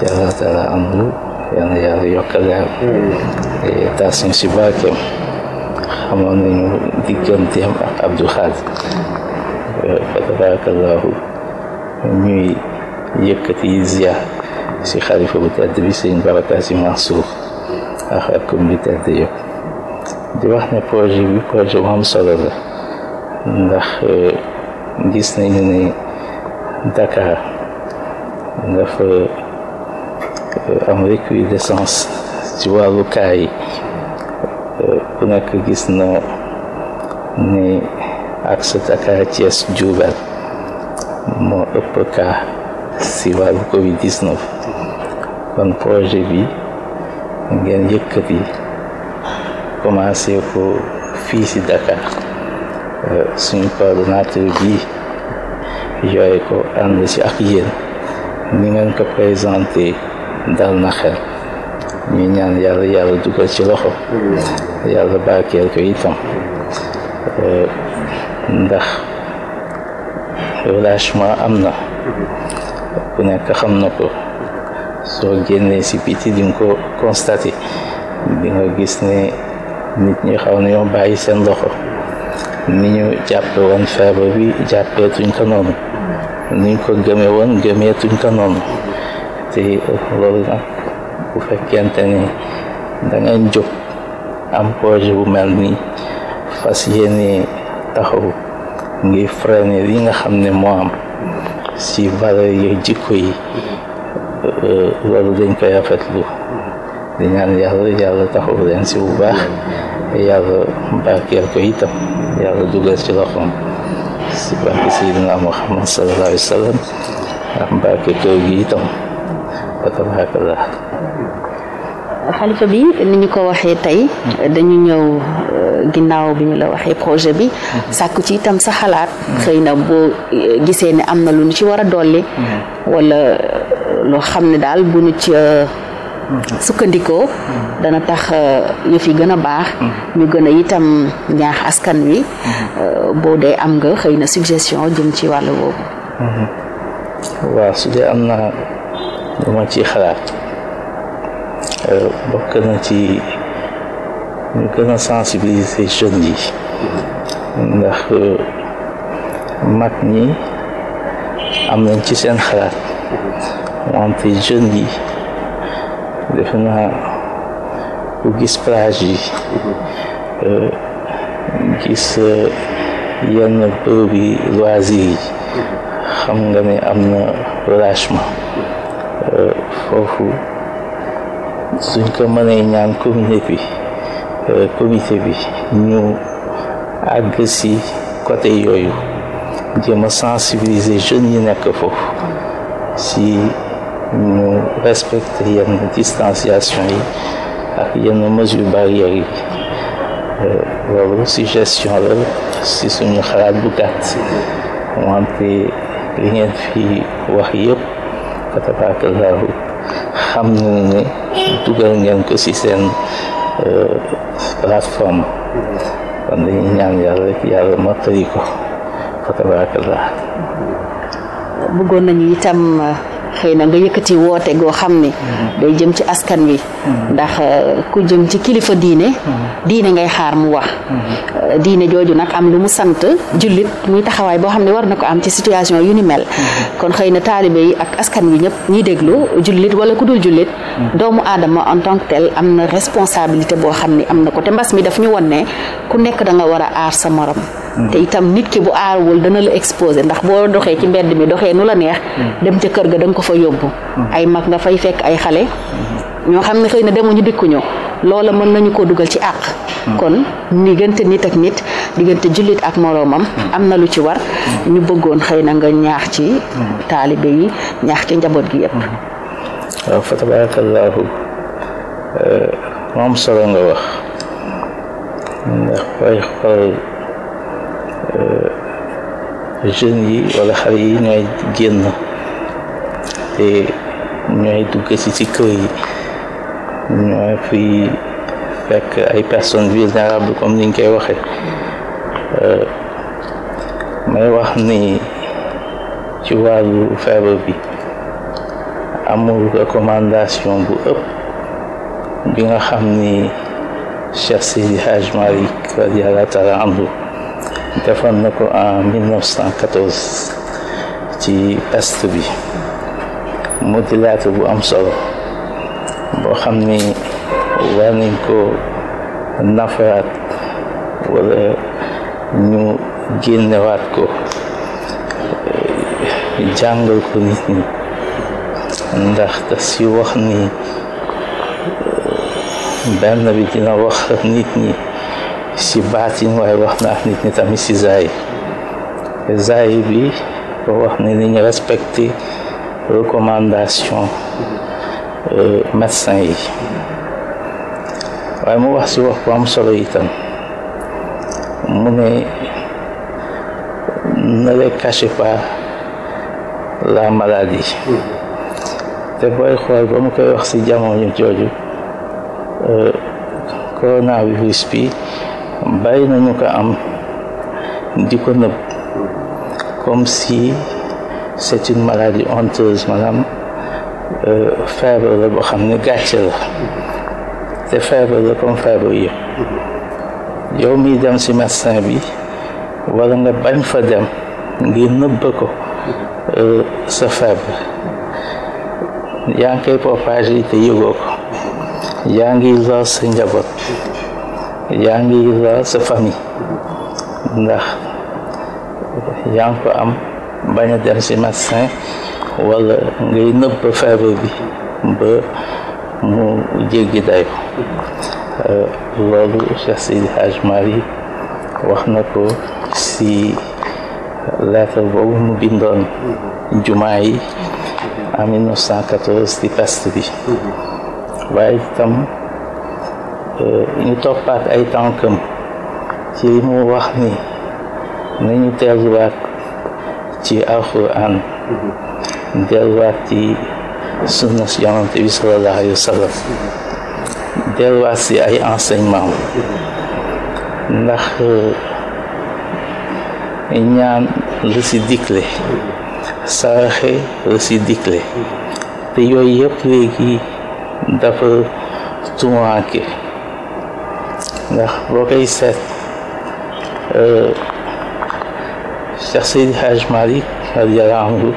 jalla taala anhu yal na yàlla yokk taas si barkeem xamoon nañu digganteem ak Abdou Khadre fa tabarakallahu ñuy yëkkati ziar si xalifa bu tedd bi sëñ Baraka Sy ak ak communauté bi yëpp di wax ne projet bi projet bu ndax gis nañu ne Dakar dafa euh, am recrudescence ci wàllu cas euh, ku nekk gis na ni axe Dakar Thiès Diourbel moo ëpp cas si wàllu Covid 19 kon projet bi ngeen yëkkati commencé ko fii si Dakar euh, suñu coordonnateur bi yooye ko ànd ci ak yéen ni ngeen ko présenté dal na xel ñu ñaan yàlla yàlla dugal ci loxo yàlla barkeel ko itam euh, ndax relâchement am na ku nekk xam na ko soo génnee si biti di ko constaté di nga gis ne nit ñi xaw nañoo bàyyi seen loxo ni ñu jàppe woon feebar bi jàppeetuñ ko noonu niñ ko gëme woon tuñ ko noonu te loolu nag bu fekkente ni da nga am projet bu mel nii fas yéene taxaw ngir freiner li nga xam ne moo am si valeur yooyu jikko yi euh, loolu dañ koy rafetlu di ñaan yàlla yàlla taxaw leen si bu baax yàlla barkeel ko itam yàlla dugal ci loxoom si barke Seydina Muhammad sallallahu alayhi wa bi ni ñu ko waxee tey dañu ñëw euh, ginnaaw bi ñu la waxee projet bi sàkku ci itam sa xalaat xëy na boo euh, gisee ni am na lu ñu ci war a dolli mm-hmm. wala euh, loo xam ne daal bu ñu ci sukkandikoo dana tax euh, yëf yi gën a baax ñu gën a itam ñaax askan wi euh, boo dee am nga xëy na suggestion jëm ci wàll boobu waaw su dee am na lu ma ci xalaat euh, bokk na ci ñu gën a sensibiliser jeunes yi ndax mag ñi am nañ ci seen xalaat wante jeunes yi defe naa ku gis plage yi gis e, yenn bërëb yi loisir yi xam nga ni am na relâchement e, foofu suñ ko mënee ñaan communauté bi e, comité bi ñu àgg si côté yooyu jéem a sensibiliser jeunes yi nekk foofu si ñu respecte yenn distanciation yi ak yenn mesures barrières yi loolu suggestion la si suñu xalaat bu gàtt wante li ngeen fi wax yëpp fatabakallahu xam na ne dugal ngeen ko si seen plateforme kon dañuy ñaan yàlla rek yàlla mottali ko fatabakallah bëggoon nañu itam euh, xëy na nga yëkkati woote goo xam ni mm-hmm. day jëm ci askan wi mm-hmm. ndax uh, ku jëm ci kilifa diine mm-hmm. diine ngay xaar mu wax uh, diine jooju nag am lu mu sant jullit muy taxawaay boo xam ne war na ko am ci situation yu ni mel kon xëy na taalibe yi ak askan wi ñëpp ñuy déglu jullit wala ku dul jullit doomu aadama en tant que tel am na responsabilité boo xam ni am na ko te mbas mi daf ñu won ne ku nekk danga nga war a aar sa morom te itam nit ki bu aaruwul dana la exposé ndax boo doxee ci mbedd mi doxee nu la neex dem ca kër ga da ko fa yóbbu ay mag nga fay fekk ay xale ñoo xam ne xëy na demuñu dikkuñu loola mën nañu ko dugal ci àq kon diggante nit ak nit diggante jullit ak moroomam am na lu ci war ñu bëggoon xëy na nga ñaax ci taalibe yi ñaax ci njaboot gi yépp waaw fa tabarakallahu moom eh, solo nga wax ndax fay xool Euh, jeunes yi wala xale yi ñooy génn te ñooy dugg ci ci kër yi ñooy fi fekk ay personnes vulnérables comme niñ koy waxee euh, may wax ni ci wàllu feebar bi amul recommandation bu ëpp bi nga xam ni Cheikh Seydi Hadj Malick radiyallahu taala anhu defoon na ko en ci peste bi mu di laata bu am solo boo xam ni war ko nafaraat wala ñu génnewaat ko eh, jàngal ko nit ñi ndax da si wax ni eh, benn bi dina wax nit ñi si baatin waaye wax na ak nit ñi tamit si zaay bi wax ne ni ñu respecté recommandation euh, médecin yi waaye mu wax si wax bu am solo itam mu ne ne les cache la maladie te booy xool ba mu wax si jamono jooju euh, coronavirus bi bàyyi nañu ko am di ko nëb comme si c'est une maladie honteuse maanaam euh, feebar la boo xam ne gàcce la te feebar la comme feebar yëpp yow miy dem ci médecin bi wala nga bañ fa dem ngir nëbba ko euh, sa feebar yaa ngi koy propagé te yëgoo ko yaa ngi lor sa njaboot yaa ngi yóbbaale sa famille ndax yaa ngi ko am bañ a dem si médecin wala ngay nëbb feebar bi ba mu jéggi dayo euh, loolu Cheikh Seydi Hadj wax na ko si lettre boobu mu bindoon jumaa yi en 1914 di peste bi waaye itam Euh, ñu toppaat ay tànkam ci li mu wax ni nañu delluwaat ci alquran delluwaat ci sunna si yonante bi sallallahu alayhi wa sallam si ay enseignement ndax euh, ñaan la si digle saraxe la si digle te yooyu yëpp léegi dafa tumaake ndax boo koy seet euh, Cheikh Seydi Hadj Malick radiyallahu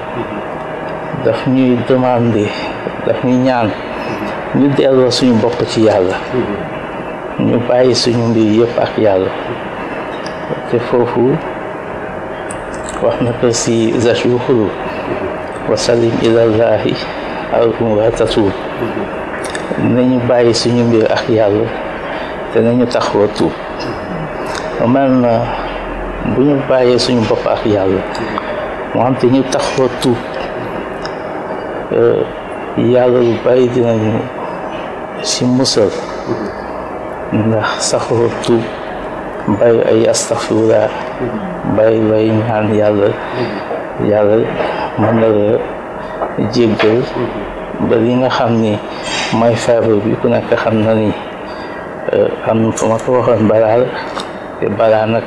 daf ñuy demandé daf ñu ñaan ñu delloo suñu bokk ci yàlla ñu bàyyi suñu mbir yëpp ak yàlla te foofu wax na ko si zacu xulu wasallim ilallahi arumatatuub nañu bàyyi suñu mbir ak yàlla nañu taxawa tuub man bu ñu bàyyee suñu bopp ak yàlla moo xam te ñu taxawa tuub eh, yàlla lu bàyyi dinañu si musal ndax saxawa tuub bàyyi ay astaxfirullah bàyyi lay ñaan yàlla yàlla mën na la jéggal nga xam ni mooy feebar bi ku nekk xam na ni Euh, am fu ma ko waxoon balaa la te balaa nag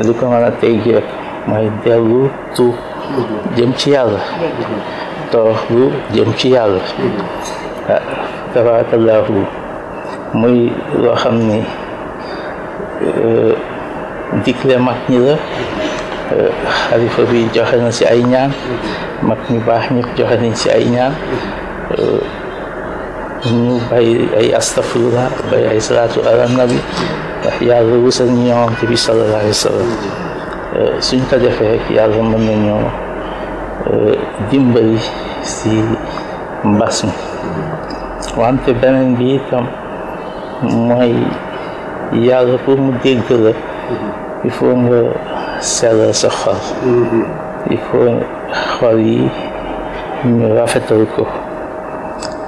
li ko mën a tey jii rek mooy dellu tuub jëm ci yàlla toroxlu jëm ci yàlla ah tabarakallahu muy loo xam ni euh, digle mag ñi la euh, xalifa bi joxe na si ay ñaan mag ñu baax ñëpp joxe nañ si ay ñaan bay ay astafurlah bay ay salaatu ala nabi ndax yàlla wusal ñu yonante bi sallallahu alayhi wa sallam euh, suñ ko defee rek yàlla mën euh, dimbali si mbas mi wante beneen bi itam mooy yàlla pour mu dégg la il sellal sa xol il faut xol yi rafet rafetal ko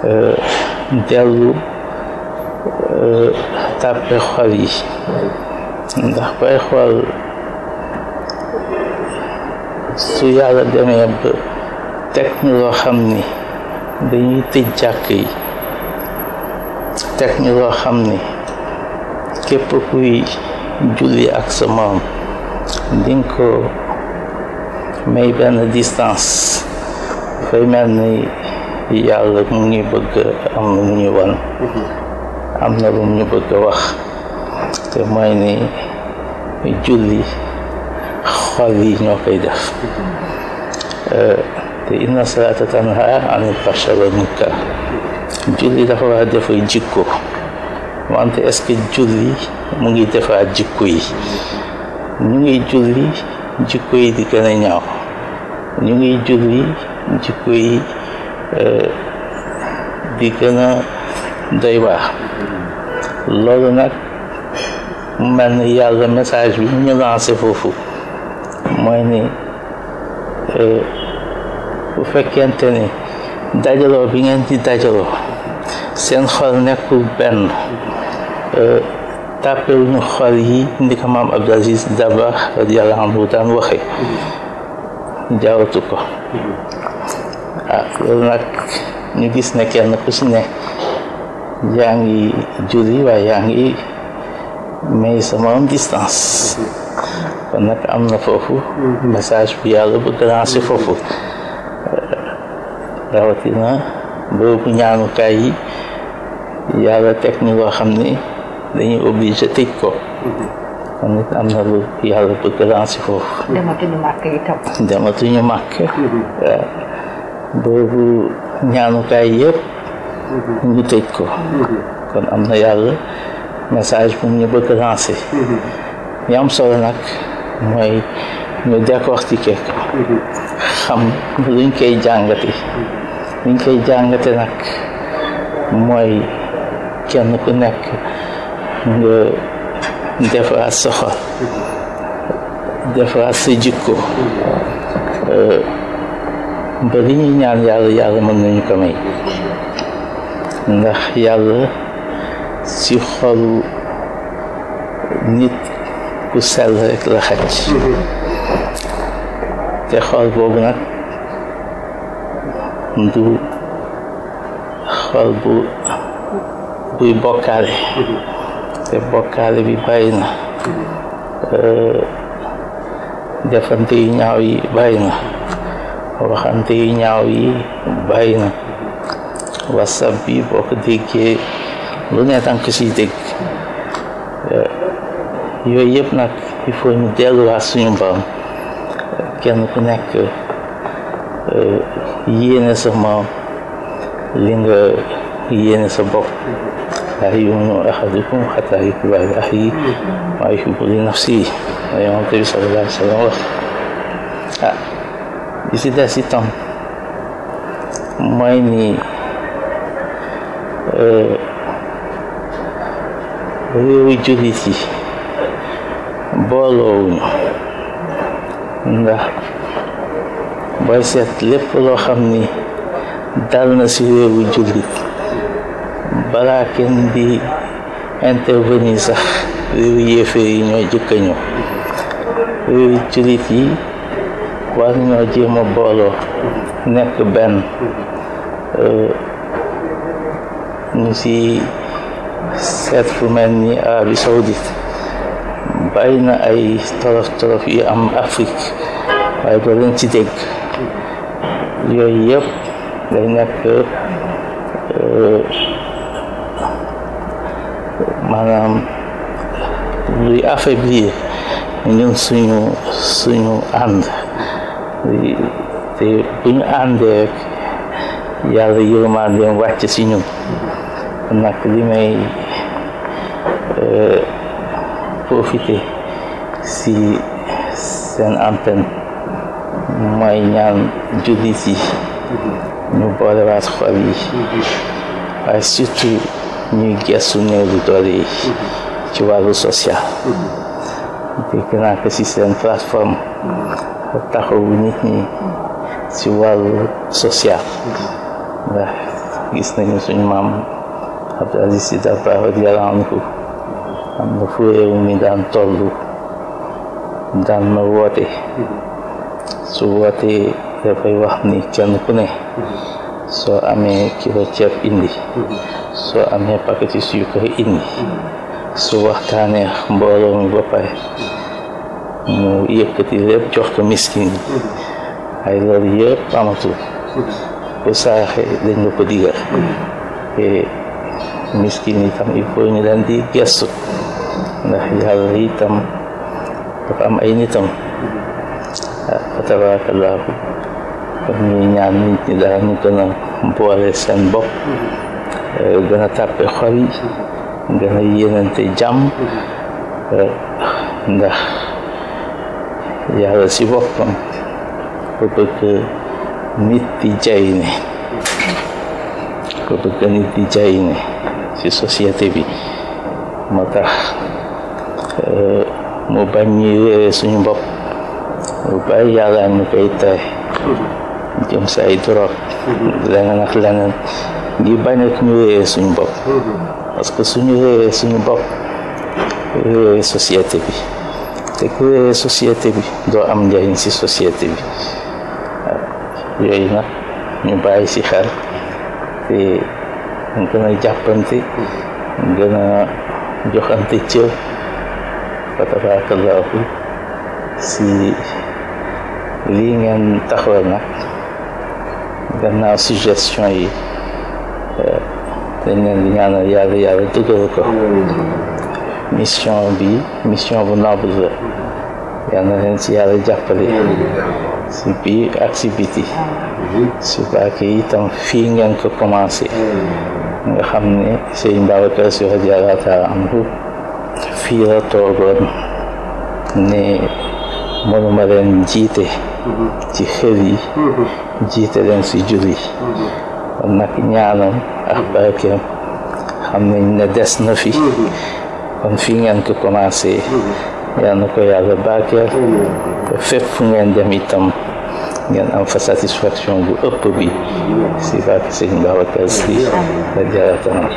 euh, dellu eh, tàppe xol yi ndax bay xool su yàlla demee ba teg ñu xam ni dañuy tëj jàkk yi teg ñu loo xam ni képp kuy julli ak sa moom di ko may benn distance dafay mel ni yàlla mu ngi bëgg am na mu ñu wan mm-hmm. am na lu mu ñu bëgg wax te mooy ni julli xol yi ñoo koy def mm-hmm. euh, te inna salaata tanha anil fahsha wal munkar julli dafa war a defar jikko wante est julli mu ngi defar jikko yi mm-hmm. ñu ngi julli jikko yi di gën ñaaw ñu ngi julli jikko yi di gën a doy waax loolu nag man yàlla message bi ñu lancé foofu mooy ni euh, bu fekkente ni dajaloo bi ngeen ci dajaloo seen xol nekku benn euh, tàppewu ñu xol yi ndi ko maam Abdou Aziz Dabakh radiyallahu anhu daan waxe jaawatu ko waaw loolu nag ñu gis ne kenn ku si nekk yaa ngi julli waaye yaa ngi may sama distance kon am na foofu message bu yàlla bëgg lancé foofu rawatina boobu ñaanukaay yi yàlla teg ni loo xam ni dañuy obligé tëj ko am na lu yàlla bëgg lancé foofu dematuñu màkk itam dematuñu màkk waaw mm-hmm. euh, boobu ñaanukaay yëpp ñu ngi tëj ko kon am na yàlla message bu ñu bëgg lancé ñu am solo nag mooy ñu décortiquer ko xam koy jàngate luñ koy jàngate nag mooy kenn ku nekk nga defaraat sa xol defaraat sa jikko euh, ba li ñuy ñaan yàlla yàlla mën nañu ko may ndax yàlla ci xolu nit ku sell rek la xaj te xol boobu nag du xol bu buy bokkaale te bokkaale bi bàyyi na defante yu ñaaw yi bàyyi na waxante yu ñaaw yi bàyyi na whatsapp bi boo ko déggee lu ne tànk siy dégg yooyu yëpp nag il faut ñu delluwaat suñu mbaam kenn ku nekk eh, yéene sa li nga yéene sa bopp laa yuminu ahadukum xataa yuhibba li axiihi maa yuhibbu li nafsihi Yonent bi sallallaahu alayhi wa sallam wax ah, bi si des itam mooy ni réewi jullit yi booloowuñu ndax booy seet lépp loo xam ni dal na ci réewu jullit balaa kenn di intervenir sax réewu yéefee yi ñoo jëkka ñëw réewi jullit yi war nañoo jéem a booloo nekk benn euh, ñu si seet fu mel ni Arabie Saoudite bàyyi na ay tolof tolof yu am Afrique waaye doo ci dégg yooyu yëpp day nekk euh, maanaam luy affaiblir ñun suñu suñu ànd te bu ñu àndee rek yàlla yërmandeem wàcc si ñun nag li may euh, profité si seen antenne mooy ñaan jullit yi ñu boolewaat xol yi waaye surtout ñuy gestu néew du doole ci wàllu social dégg naa si seen plateforme taxawu nit ñi ci wàllu social ndax gis nañu suñu maam Abdou Aziz Sy Dabakh radiyallahu anhu am na fu réew mi daan tollu daan na woote su wootee dafay wax ni kenn ku ne soo amee kilo ceeb indi soo amee paketi suukar indi su waxtaanee mbooloo mi ba pare mu yëkkati lépp jox ko miskin yi ay loolu yëpp amatul bu saraxe dañ la ko digal te miskin yi tam il faut ñu leen di gestu ndax yàlla itam dafa am ay nitam fa tabarakallahu kon ñuy ñaan nit ñi daal ñu boole seen bopp eh, gën a tàppe xol yi gën a yéenante jàmm eh, ndax yàlla si boppam ko nit di jay ne ko que nit di jay ne ci société bi moo tax euh, mu bañ ñuy suñu bopp mu bàyyi yàlla ñu koy tere jëm si ay drogue leneen ak leneen di bañ ak ñu réere suñu bopp parce que suñu réere suñu bopp réere société bi te ku société bi doo am njëriñ si société bi waaw yooyu nag ñu bàyyi si xel te ñu gën a jàppante ñu gën a joxante cër fa tabarakallahu si lii ngeen taxawal nag gannaaw suggestion yi euh, dañ leen di ñaanal yàlla yàlla dëgëral ko mission bi mission bu noble la yal na leen si yàlla jàppale si biir ak si biti subaa ki itam fii ngeen ko commencé nga xam ne sëñ Babacar Sy radiyallahu taala anhu fii la toogoon ne mënuma leen jiite ci xër yi jiite leen si jur yi kon ñaanam ak barkeem xam nañ ne des na fi kon fii ngeen ko commencé yal na ko yàlla barkeel te fu ngeen dem itam ngeen am fa satisfaction bu ëpp bi si barke sëñ Babacar Si la jaratanam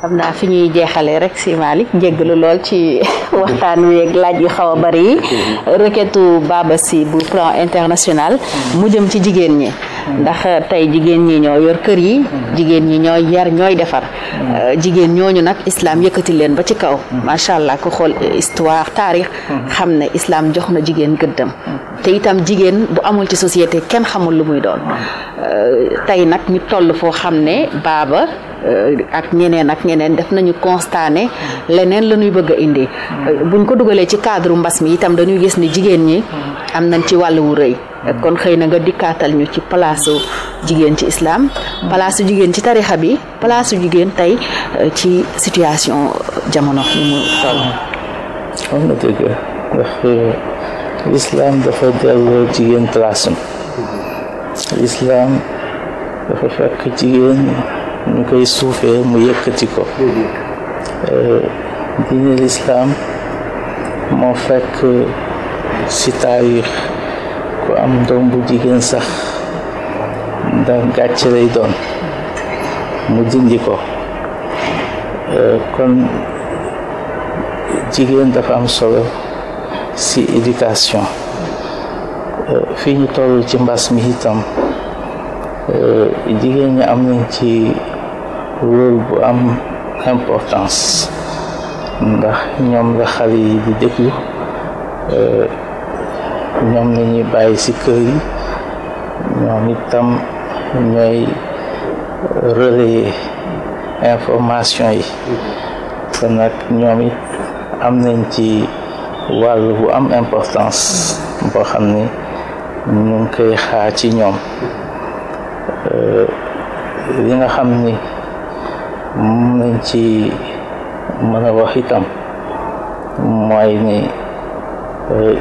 xam naa fi ñuy jeexalee rek si jégg jéggalu lool ci waxtaan wi laaj yu xaw a bari yi requête bu plan international mu jëm ci jigéen ñi ndax eh, tey jigéen ñi ñoo yor kër yi jigéen ñi ñooy yar ñooy defar eh, jigéen ñooñu nag islam yëkkati leen ba ci kaw macha allah ku xool histoire taarix xam ne islam jox na jigéen gëddam te itam jigéen bu amul ci société kenn xamul lu muy doon eh, tey nag ñu toll foo xam ne baaba ak ñeneen ak ñeneen def nañu constat leneen la ñuy bëgg indi buñ ko dugalee ci cadre mbas mi itam dañuy gis ni jigéen ñi am nañ ci wàll wu rëy kon xëy na nga dikkaatal ñu ci palaasu jigéen ci islaam palaasu jigéen ci tarixa bi palaasu jigéen tey euh, ci situation jamono ni mu toll am na dëgg ndax lislaam euh, dafa delloo jigéen palaasam lislaam dafa fekk jigéen ñu koy suufee mu yëkkati ko euh, diine lislaam moo fekk si taarix ku am doom bu jigéen sax ndax gàcce lay doon mu dindi ko euh, kon jigéen dafa am solo si éducation euh, fii ñu toll ci mbas mi itam euh, jigéen ñu am nañ ci rôle bu am importance ndax ñoom la xale yi di déglu ñoom la ñuy bàyyi si kër yi ñoom itam ñooy relayer information yi te nag ñoom it am nañ ci wàll bu am importance boo xam ni ñu ngi koy xaar ci ñoom euh, li nga xam ni mën nañ ci mën waxitam wax itam mooy ni euh,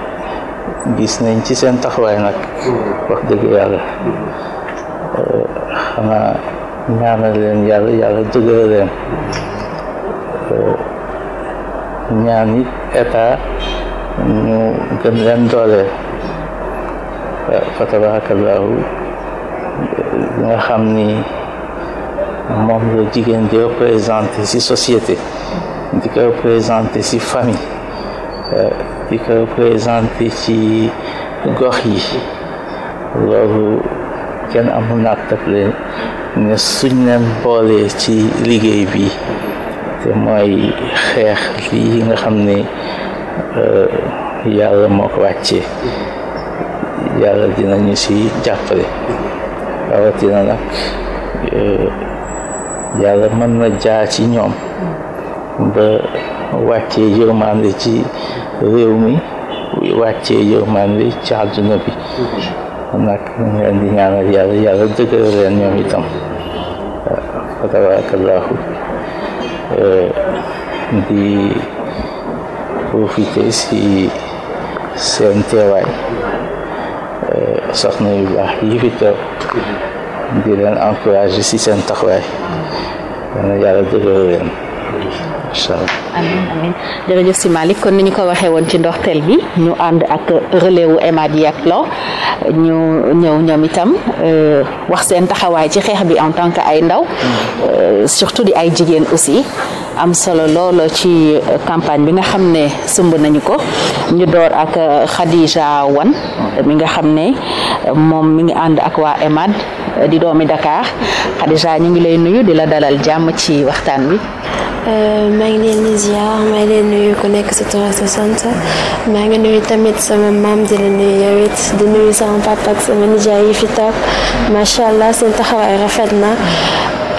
gis nañ ci seen taxawaay nag wax dëgg yàlla euh, xanaa ñaanal leen yàlla yàlla dëgëral leen euh, ñaan it état ñu gën leen doole euh, fa tabarakallahu li nga xam ni moom la jigéen di représenté ci société di ko représenté ci famille di ko présenté ci gox yi loolu kenn amul nattable ne suñ leen boolee ci liggéey bi te mooy xeex lii nga xam ne euh, yàlla moo ko wàccee yàlla dinañu ci jàppale rawatina nag euh, yàlla mën na jaar ci ñoom ba wàccee yërmande ci réew mi wàccee yërmande ci àdduna bi nag ñu ngi di ñaanal yàlla yàlla dëgëral leen ñoom itam tabarakallahu di profité si seen teewaay soxna yu baax yi di leen encouragé si seen taxawaay yàlla dëgëral leen incha allah amiin kon ni ñu ko waxee woon ci ndoxteel bi ñu ànd ak relais wu Emadi ak Plan ñu ñëw ñoom itam euh, wax seen taxawaay ci xeex bi en tant que ay ndaw euh, surtout di ay jigéen aussi am solo loolo ci campagne bi nga xam ne sumb nañu ko ñu door ak Khadija Wan mi nga xam ne moom mu ngi ànd ak waa Emad di doomi Dakar Khadija ñu ngi lay nuyu di la dalal jàmm ci waxtaan wi Eh, maa ngi leen di maa ngi leen nuyu ku nekk si tur sa sant maa ngi nuyu tamit sama maam di la nuyu yow it di nuyu sama papa ak sama nijaay yi fi toog macha allah seen taxawaay rafet na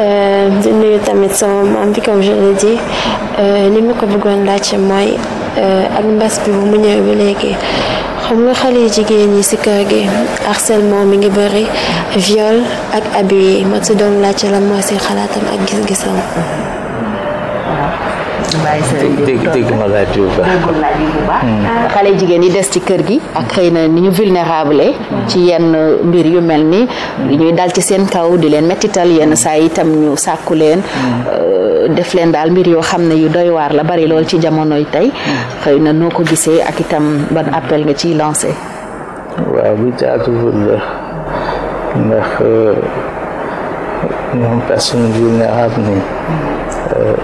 eh, di nuyu tamit sama maam bi comme je l'ai eh, li ma ko bëggoon laajte mooy ak mbas bi bu mu ñëw ba léegi. xam nga xale yu jigéen ñi si kër gi harcèlement mi ngi bëri viol ak abus yi ma ci doon laajte lan moo ci xalaatam ak gis-gisam. bàyyi sëriñ laaj yu baax hmm. ah. xale jigéen yi des ci kër gi ak hmm. xëy na ni ñu vulnérable ci yenn mbir yu mel ni ñuy dal ci seen kaw di leen mettital yenn saa itam ñu sàkku leen hmm. euh, def leen daal mbir yoo xam ne yu doy waar la bari lool ci jamonoy tey xëy na noo ko gisee ak itam ban appel nga ciy lancé waaw bu jaatuwul la ndax ñoom euh, personne vulnérable ni euh,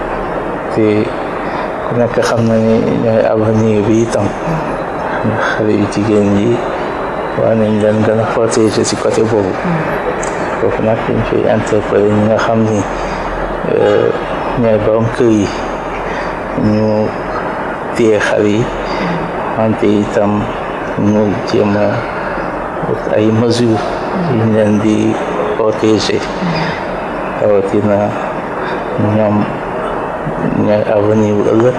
ku nekk xam na ni ñooy avenir bi itam xale yu jigéen yi war nañ leen gën a protéger ci côté boobu foofu nag dañ fiy interpeller ñi nga xam ni euh, ñooy borom kër yi ñu téye xale yi wante itam ñu jéem a ay mesures yiñ leen di protéger rawatina ñoom ñooy avenir bu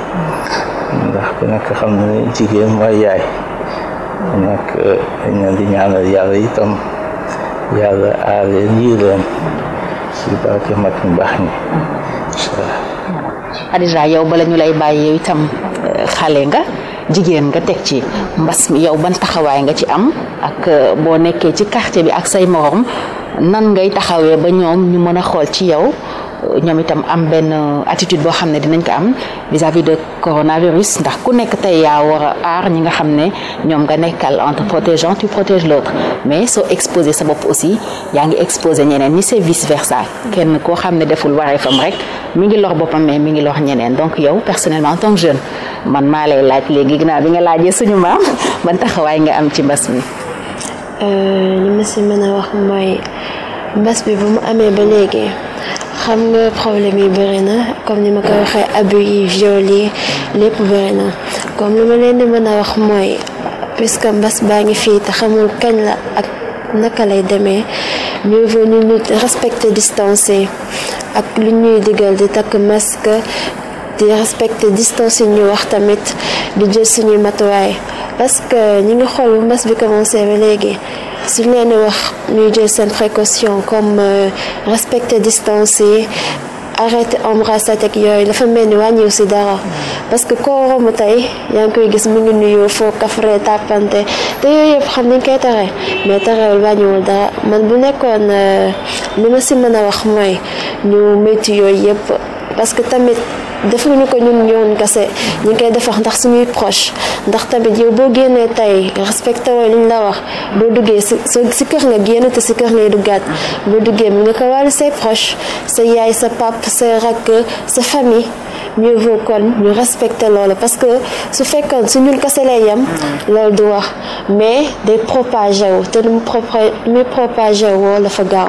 ndax ku nekk xam na ni jigéen mooy yaay nag eh, ñun di ñaanal yàlla itam yàlla aar leen leen si barke mag ñu baax ñi Xadija yow ba lañu lay bàyyi itam eh, xale nga jigéen nga teg ci mbas mi yow ban taxawaay nga ci am ak eh, boo nekkee ci quartier bi ak say moroom nan ngay taxawee ba ñoom ñu mën a xool ci yow ñoom itam am benn euh, attitude boo xam ne dinañ ko am vis-à-vis de coronavirus ndax ku nekk tey yaa war a aar ñi nga xam ne ñoom nga nekkal entre protégeant tu protèges l'autre mais soo exposé sa bopp aussi yaa ngi exposé ñeneen ñi c'est vice versa kenn koo xam ne deful wareefam rek mi ngi lor boppam mais mi ngi lor ñeneen donc yow personnellement en tant que jeune man maa lay laaj léegi ginnaaw bi nga laajee suñu maam ban taxawaay nga am ci mbas mi. Euh, li ma mu amee ba xam nga problème yi bëri na comme ni ma koy waxee abus yi viol yi lépp bëri na comme li ma leen mën a wax mooy puisque mbas baa ngi fii te xamul kañ la ak naka lay demee mieux vaut ñu ñu distance ak lu ñuy diggal di takk masque di respecter distance ñu wax tamit di jël suñuy matuwaay parce que ñi ngi xool bu mbas bi commencé ba léegi. suñ leen wax ñuy jël seen précaution comme respecter distance yi arrêté embrassé ak yooyu dafa mel ni wàññiw si dara parce que koo romb tey yaa ngi koy gis mu ngi nuyoo foo kafre tàppante te yooyu yëpp xam nañ koy tere mais terewul wàññiwul dara man bu nekkoon li ma si mën a wax mooy ñu métti yooyu yëpp parce que tamit defuñu ko ñun ñoon kese ñu ngi koy defar ndax suñuy proche ndax tamit yow boo génnee tey respecté woo ñu la wax boo duggee si si kër nga génn te si kër ngay duggaat boo duggee mi nga ko wàllu say proche sa yaay sa pap sa rakk sa famille mieux vaut kon ñu respecter loolu parce que su fekkoon su ñu kese lay yem loolu du wax mais day propagé wu te nu muy propagé woo la gaaw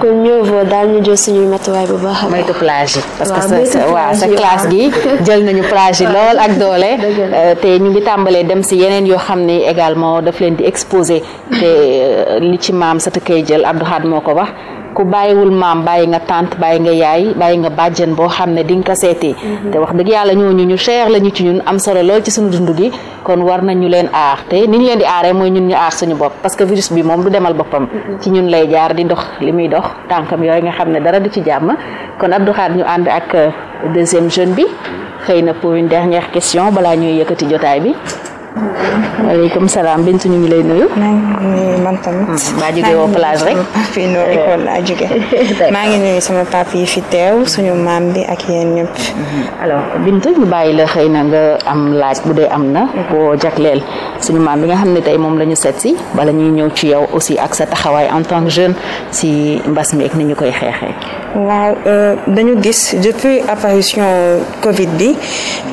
kon mieux vaut daal ñu jël suñuy matuwaay bu baax a baax. moytu plage yi parce gi jël nañu plage yi lool ak doole euh, te ñu ngi tàmbalee dem si yeneen yoo xam ni également daf leen di exposé te euh, li ci maam sa tëkkay jël Abdou Khad moo ko wax ku bàyyiwul maam bàyyi nga tante bàyyi nga yaay bàyyi nga bàjjen boo xam ne di nga ko seeti mhm. te wax dëgg yàlla ñooñu ñu cher lañu ci ñun am solo lool ci suñu dund gi kon war na ñu leen aar te ni ñu leen di aaree mooy ñun ñu aar suñu bopp parce que virus bi moom du demal boppam mhm. ci ñun lay jaar di dox li muy dox tànkam yooyu nga xam ne dara du ci jàmm kon Abdou Khadre ñu ànd ak euh, deuxième jeune bi xëy na pour une dernière question balaa ñuy yëkkati jotaay bi waaleykum salaam Bintu ñu ngi lay nuyu. maa ngi hmm, rek. fii noonu eh. maa ngi nuyu sama yi fi teew suñu maam bi ak yéen ñëpp. Hmm, alors bàyyi la xëy na am laaj bu dee am na. boo suñu maam bi nga xam ne tey moom la seet si bala ñuy ñëw ci yow aussi ak sa taxawaay en tant jeune si mbas mi ak ni ñu koy xeexee. waaw euh, dañu gis depuis apparition Covid bi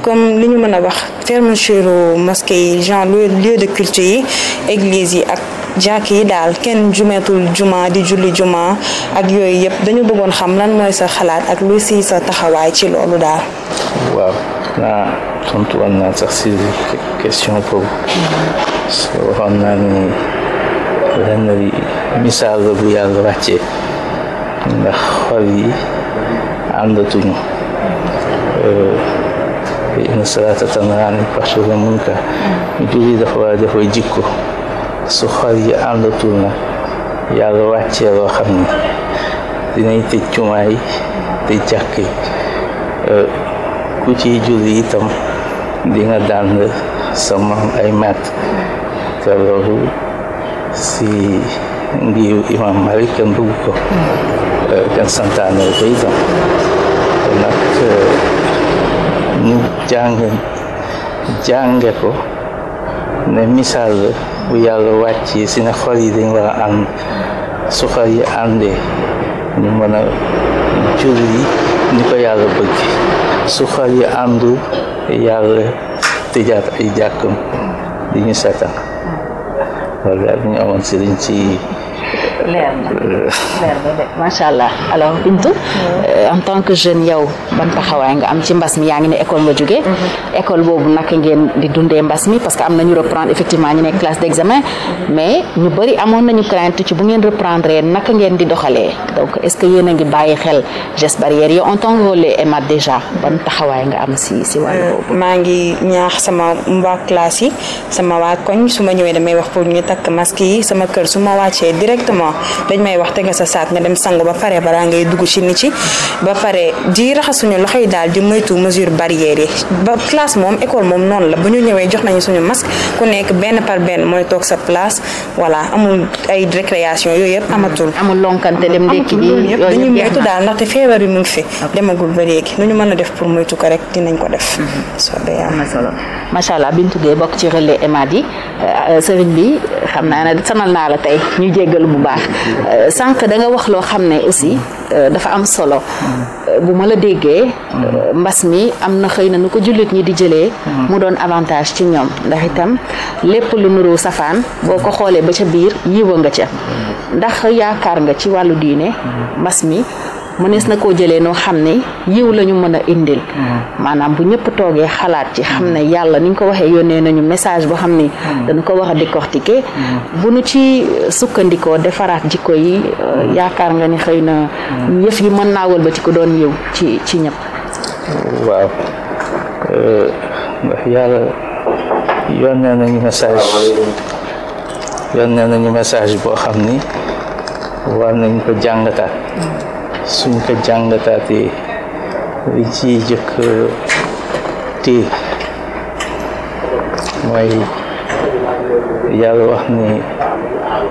comme li ñu mën a wax fermeture mosquée yi yi genre lieu de culte yi ak jàkk yi daal kenn jumeetul juma di julli juma ak yooyu yëpp dañu bëggoon xam lan mooy sa xalaat ak lu si sa taxawaay ci loolu daal. waaw naa tontu woon naa sax question boobu. waxoon naa ni lenn li misaal la bu yàlla wàccee ndax xol yi inna salaata tanhaa anil fahshaa'i wal dafa war jikko su xol yi àndatul na yàlla wàccee loo xam ne dinañ tëj jumaa yi tëj jàkk yi ku ciy julli itam di nga daan sa ay maat te loolu si ngiru imam Malik kenn bëgg ko kenn santaane ko itam nag ñu jàng jànge ne misaal la bu yàlla wàccee si na xol yi dañ war a ànd su xol yi àndee ñu mën a jur yi ni ko yàlla bëgg su xol yi àndul yàlla tëjaat ay jàkkam di ñu seetaan loolu daal ñu amoon si liñ leer na leer na de allah alors euh, en tant que jeune yow ban taxawaay nga am ci mbas mi yaa ngi ne école nga jógee mhm. école boobu naka ngeen di dundee mbas mi parce que am na reprendre effectivement ñu nekk classe d' examen mais ñu bëri amoon nañu ngeen reprendre naka ngeen di doxalee donc est ce que yéen a ngi bàyyi xel gestes barrières yi en tant que relais déjà ban taxawaay nga am si si wàllu boobu euh, maa ngi ñaax sama waa classe yi sama waa koñ su ma ñëwee damay wax pour ñu takk masque yi sama kër su wàccee directement non dañ may wax teg nga sa saat nga dem sangu ba pare balaa ngay dugg ci nit ci ba pare di raxas suñu loxo yi daal di moytu mesure barrière yi ba classe moom école moom noonu la bu ñu ñëwee jox nañu suñu masque ku nekk benn par benn mooy toog sa place voilà amul ay récréation yooyu yëpp amatul. Hmm. amul lonkante dem ndekki gi yëpp dañuy moytu daal ndaxte feebar bi mu ngi fi. demagul ba léegi nu ñu mën a def pour moytu ko rek dinañ ko def. Hmm. soobee yàlla solo macha allah Bintu Gueye bokk ci relais EMAD yi euh, euh, sëriñ bi xam naa ne sanal naa la tey ñu jéggalu bu baax. Euh, sànq danga wax loo xam ne aussi euh, dafa am solo euh, bu ma la déggee mbas mi am na xëy na nu ko jullit ñi di jëlee mu doon avantage ci ñoom ndax itam lépp lu nuru safaan boo ko xoolee ba ca biir yiwa nga ca ndax yaakaar nga ci wàllu diine mbas mi mënees na koo jëlee noo xam ne yiw la ñu mën a indil hmm. maanaam bu ñëpp toogee xalaat ci xam ne hmm. yàlla ni ñu ko waxee yónnee nañu message boo xam ne hmm. dañu ko wax a décortiquer bu nu ci sukkandikoo defaraat jikko yi euh, yaakaar nga ni xëy na yëf mën naa wëlbati ko doon yiw ci ci ñëpp waaw ndax euh, yàlla yónnee nañu message message boo xam ni war nañ ko jàngataat suñ ko jàngataatee li ci jëkk tée mooy yàlla wax ni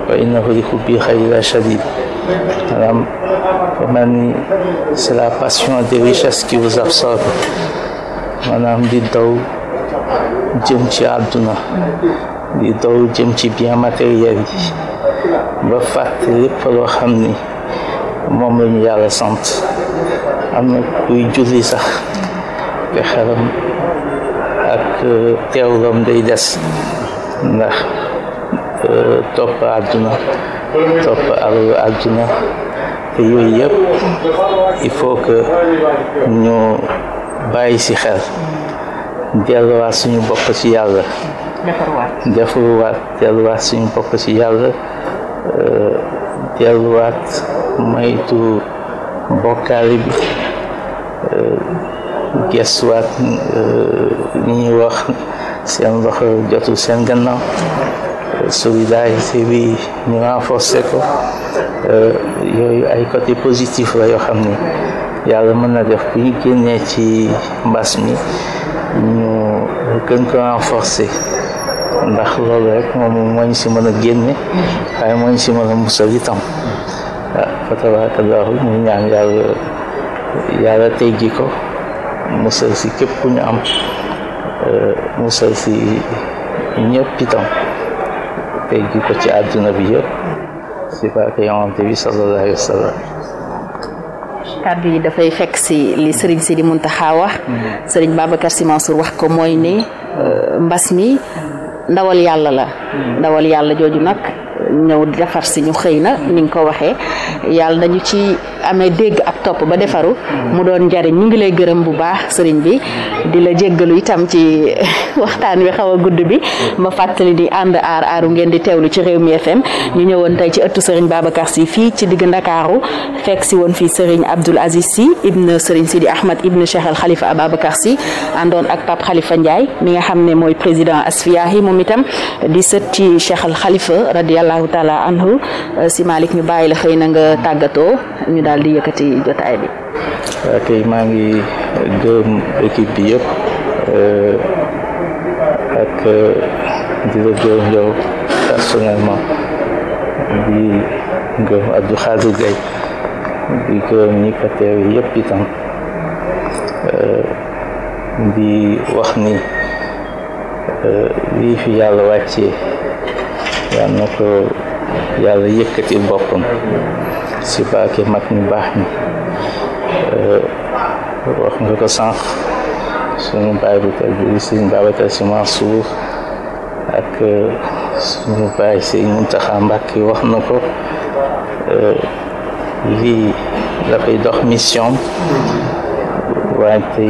wa innahu li hubbihi la shadid maanaam fa mel ni c'est la passion des richesses qui vous absorbe maanaam di daw jëm ci àdduna di daw jëm ci bien matériel ba fàtte lépp loo xam ni moom la ñu yàlla sant am na kuy julli sax te xelam ak euh, teewlam day des ndax euh, topp àdduna topp alalu àdduna te yooyu yëpp il faut que ñu bàyyi ci xel delluwaat suñu bopp ci yàlla defaruwaat delluwaat suñu bopp ci yàlla euh, delluwaat moytu bokkaale bi euh, gestuwaat ni euh, ñuy wax seen loxo jotu seen gannaaw euh, solidarité bi ñu renforcer ko yooyu ay côté positif la yoo xam ni yàlla mën na def bu ñu génnee ci mbas mi ñu gën ko ndax loolu rek moom moo si mën a génne waaye moo si mën a musal itam fa tabarakallahu ñu ñaan yàlla yàlla tey ji ko musal si képp ñu am euh, musal si ñëpp itam ko ci àdduna bi yëpp si barke yonante bi sallallahu alayhi wa sallam yi dafay fekk si li sëriñ Sidi Muntaxa wax mm-hmm. sëriñ Babacar Sy Mansour wax ko mooy ni euh, mbas mi ndawal yàlla la mm-hmm. ndawal yàlla jooju nag ñëw defar si ñu xëy na ni nga ko waxee yàlla dañu ci amee dégg ak topp ba defaru mu doon njariñ ñu ngi lay gërëm bu baax sëriñ bi di la jéggalu itam ci waxtaan wi xaw a gudd bi ma fàttali ni ànd aar aaru ngeen di teewlu ci réew mi FM ñu ñëwoon tey ci ëttu sëriñ Babacar si fii ci digg Ndakaaru fekk si woon fii sëriñ Abdoul Aziz si ibn sëriñ Sidi Ahmad ibn Cheikh al Khalifa si àndoon ak Pape Khalifa Ndiaye mi nga xam ne mooy président Asfiyahi moom itam radiyallahu taala euh, ñu bàyyi la xëy na nga tàggatoo ñu daal di yëkkati jotaay maa ngi gërëm équipe bi yëpp euh, ak euh, di la gërëm yow personnellement di gërëm Abdou Khadir Gaye di gërëm ñi ko teew yëpp itam di wax ni lii fi yàlla wàccee. yal na ko yàlla yëkkatil boppam si baake mag ñu baax ñi eh, wax nga ko sànq suñu baay bu tedd bi Sëriñ Babacar Sy Mansour ak eh, suñu baay Sëriñ Muntaxa Mbàkke wax na ko eh, lii dafay dox mission wante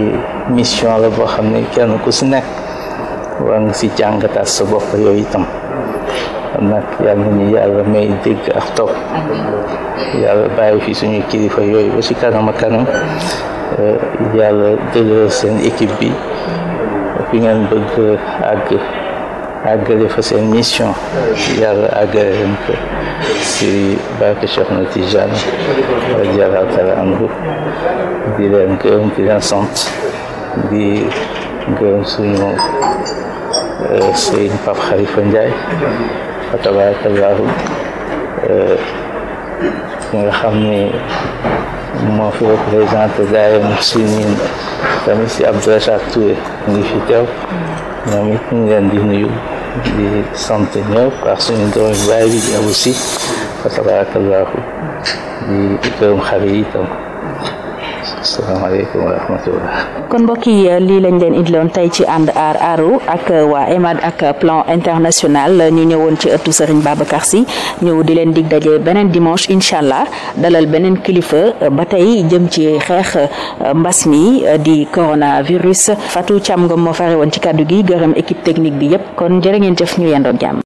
mission la boo xam ne kenn ku si nekk war nga si jàngataat sa bopp yooyu tam nag yàlla nañu yàlla may dégg ak topp yàlla bàyyi fi suñu kilifa yooyu ba si kanam a kanam eh, yàlla dëgëral seen équipe bi fi ngeen bëgg àgg àggale fa seen mission yàlla àggale leen ko si barke Cheikh na Tijaan radiyallaahu taala anhu di leen gërëm di leen sant di gërëm suñu eh, sëriñ Pape Khalifa Ndiaye fa tabarakallahu ki nga xam ni moo fi représenté daara Mouhsinine tamit si Abdourachak Touré ngi fi teew ñoom it ñu leen di nuyu di sant ñëpp ak suñu doomi baay bi di Abou Sy fa tabarakallahu di gërëm xale yi itam asalaamaaleykum wa rahmatullah kon mbokk yi lii lañ leen indiloon tey ci ànd aar aaru ak waa EMAD ak plan international ñu ñëwoon ci ëttu Serigne Babacar Sy ñu di leen dig daje beneen dimanche incha allah dalal beneen kilifa ba tey jëm ci xeex mbas mi di coronavirus Fatou Thiam Ngom moo fare woon ci kàddu gi gërëm équipe technique bi yépp kon jërë ngeen jëf ñu yendoon jàmm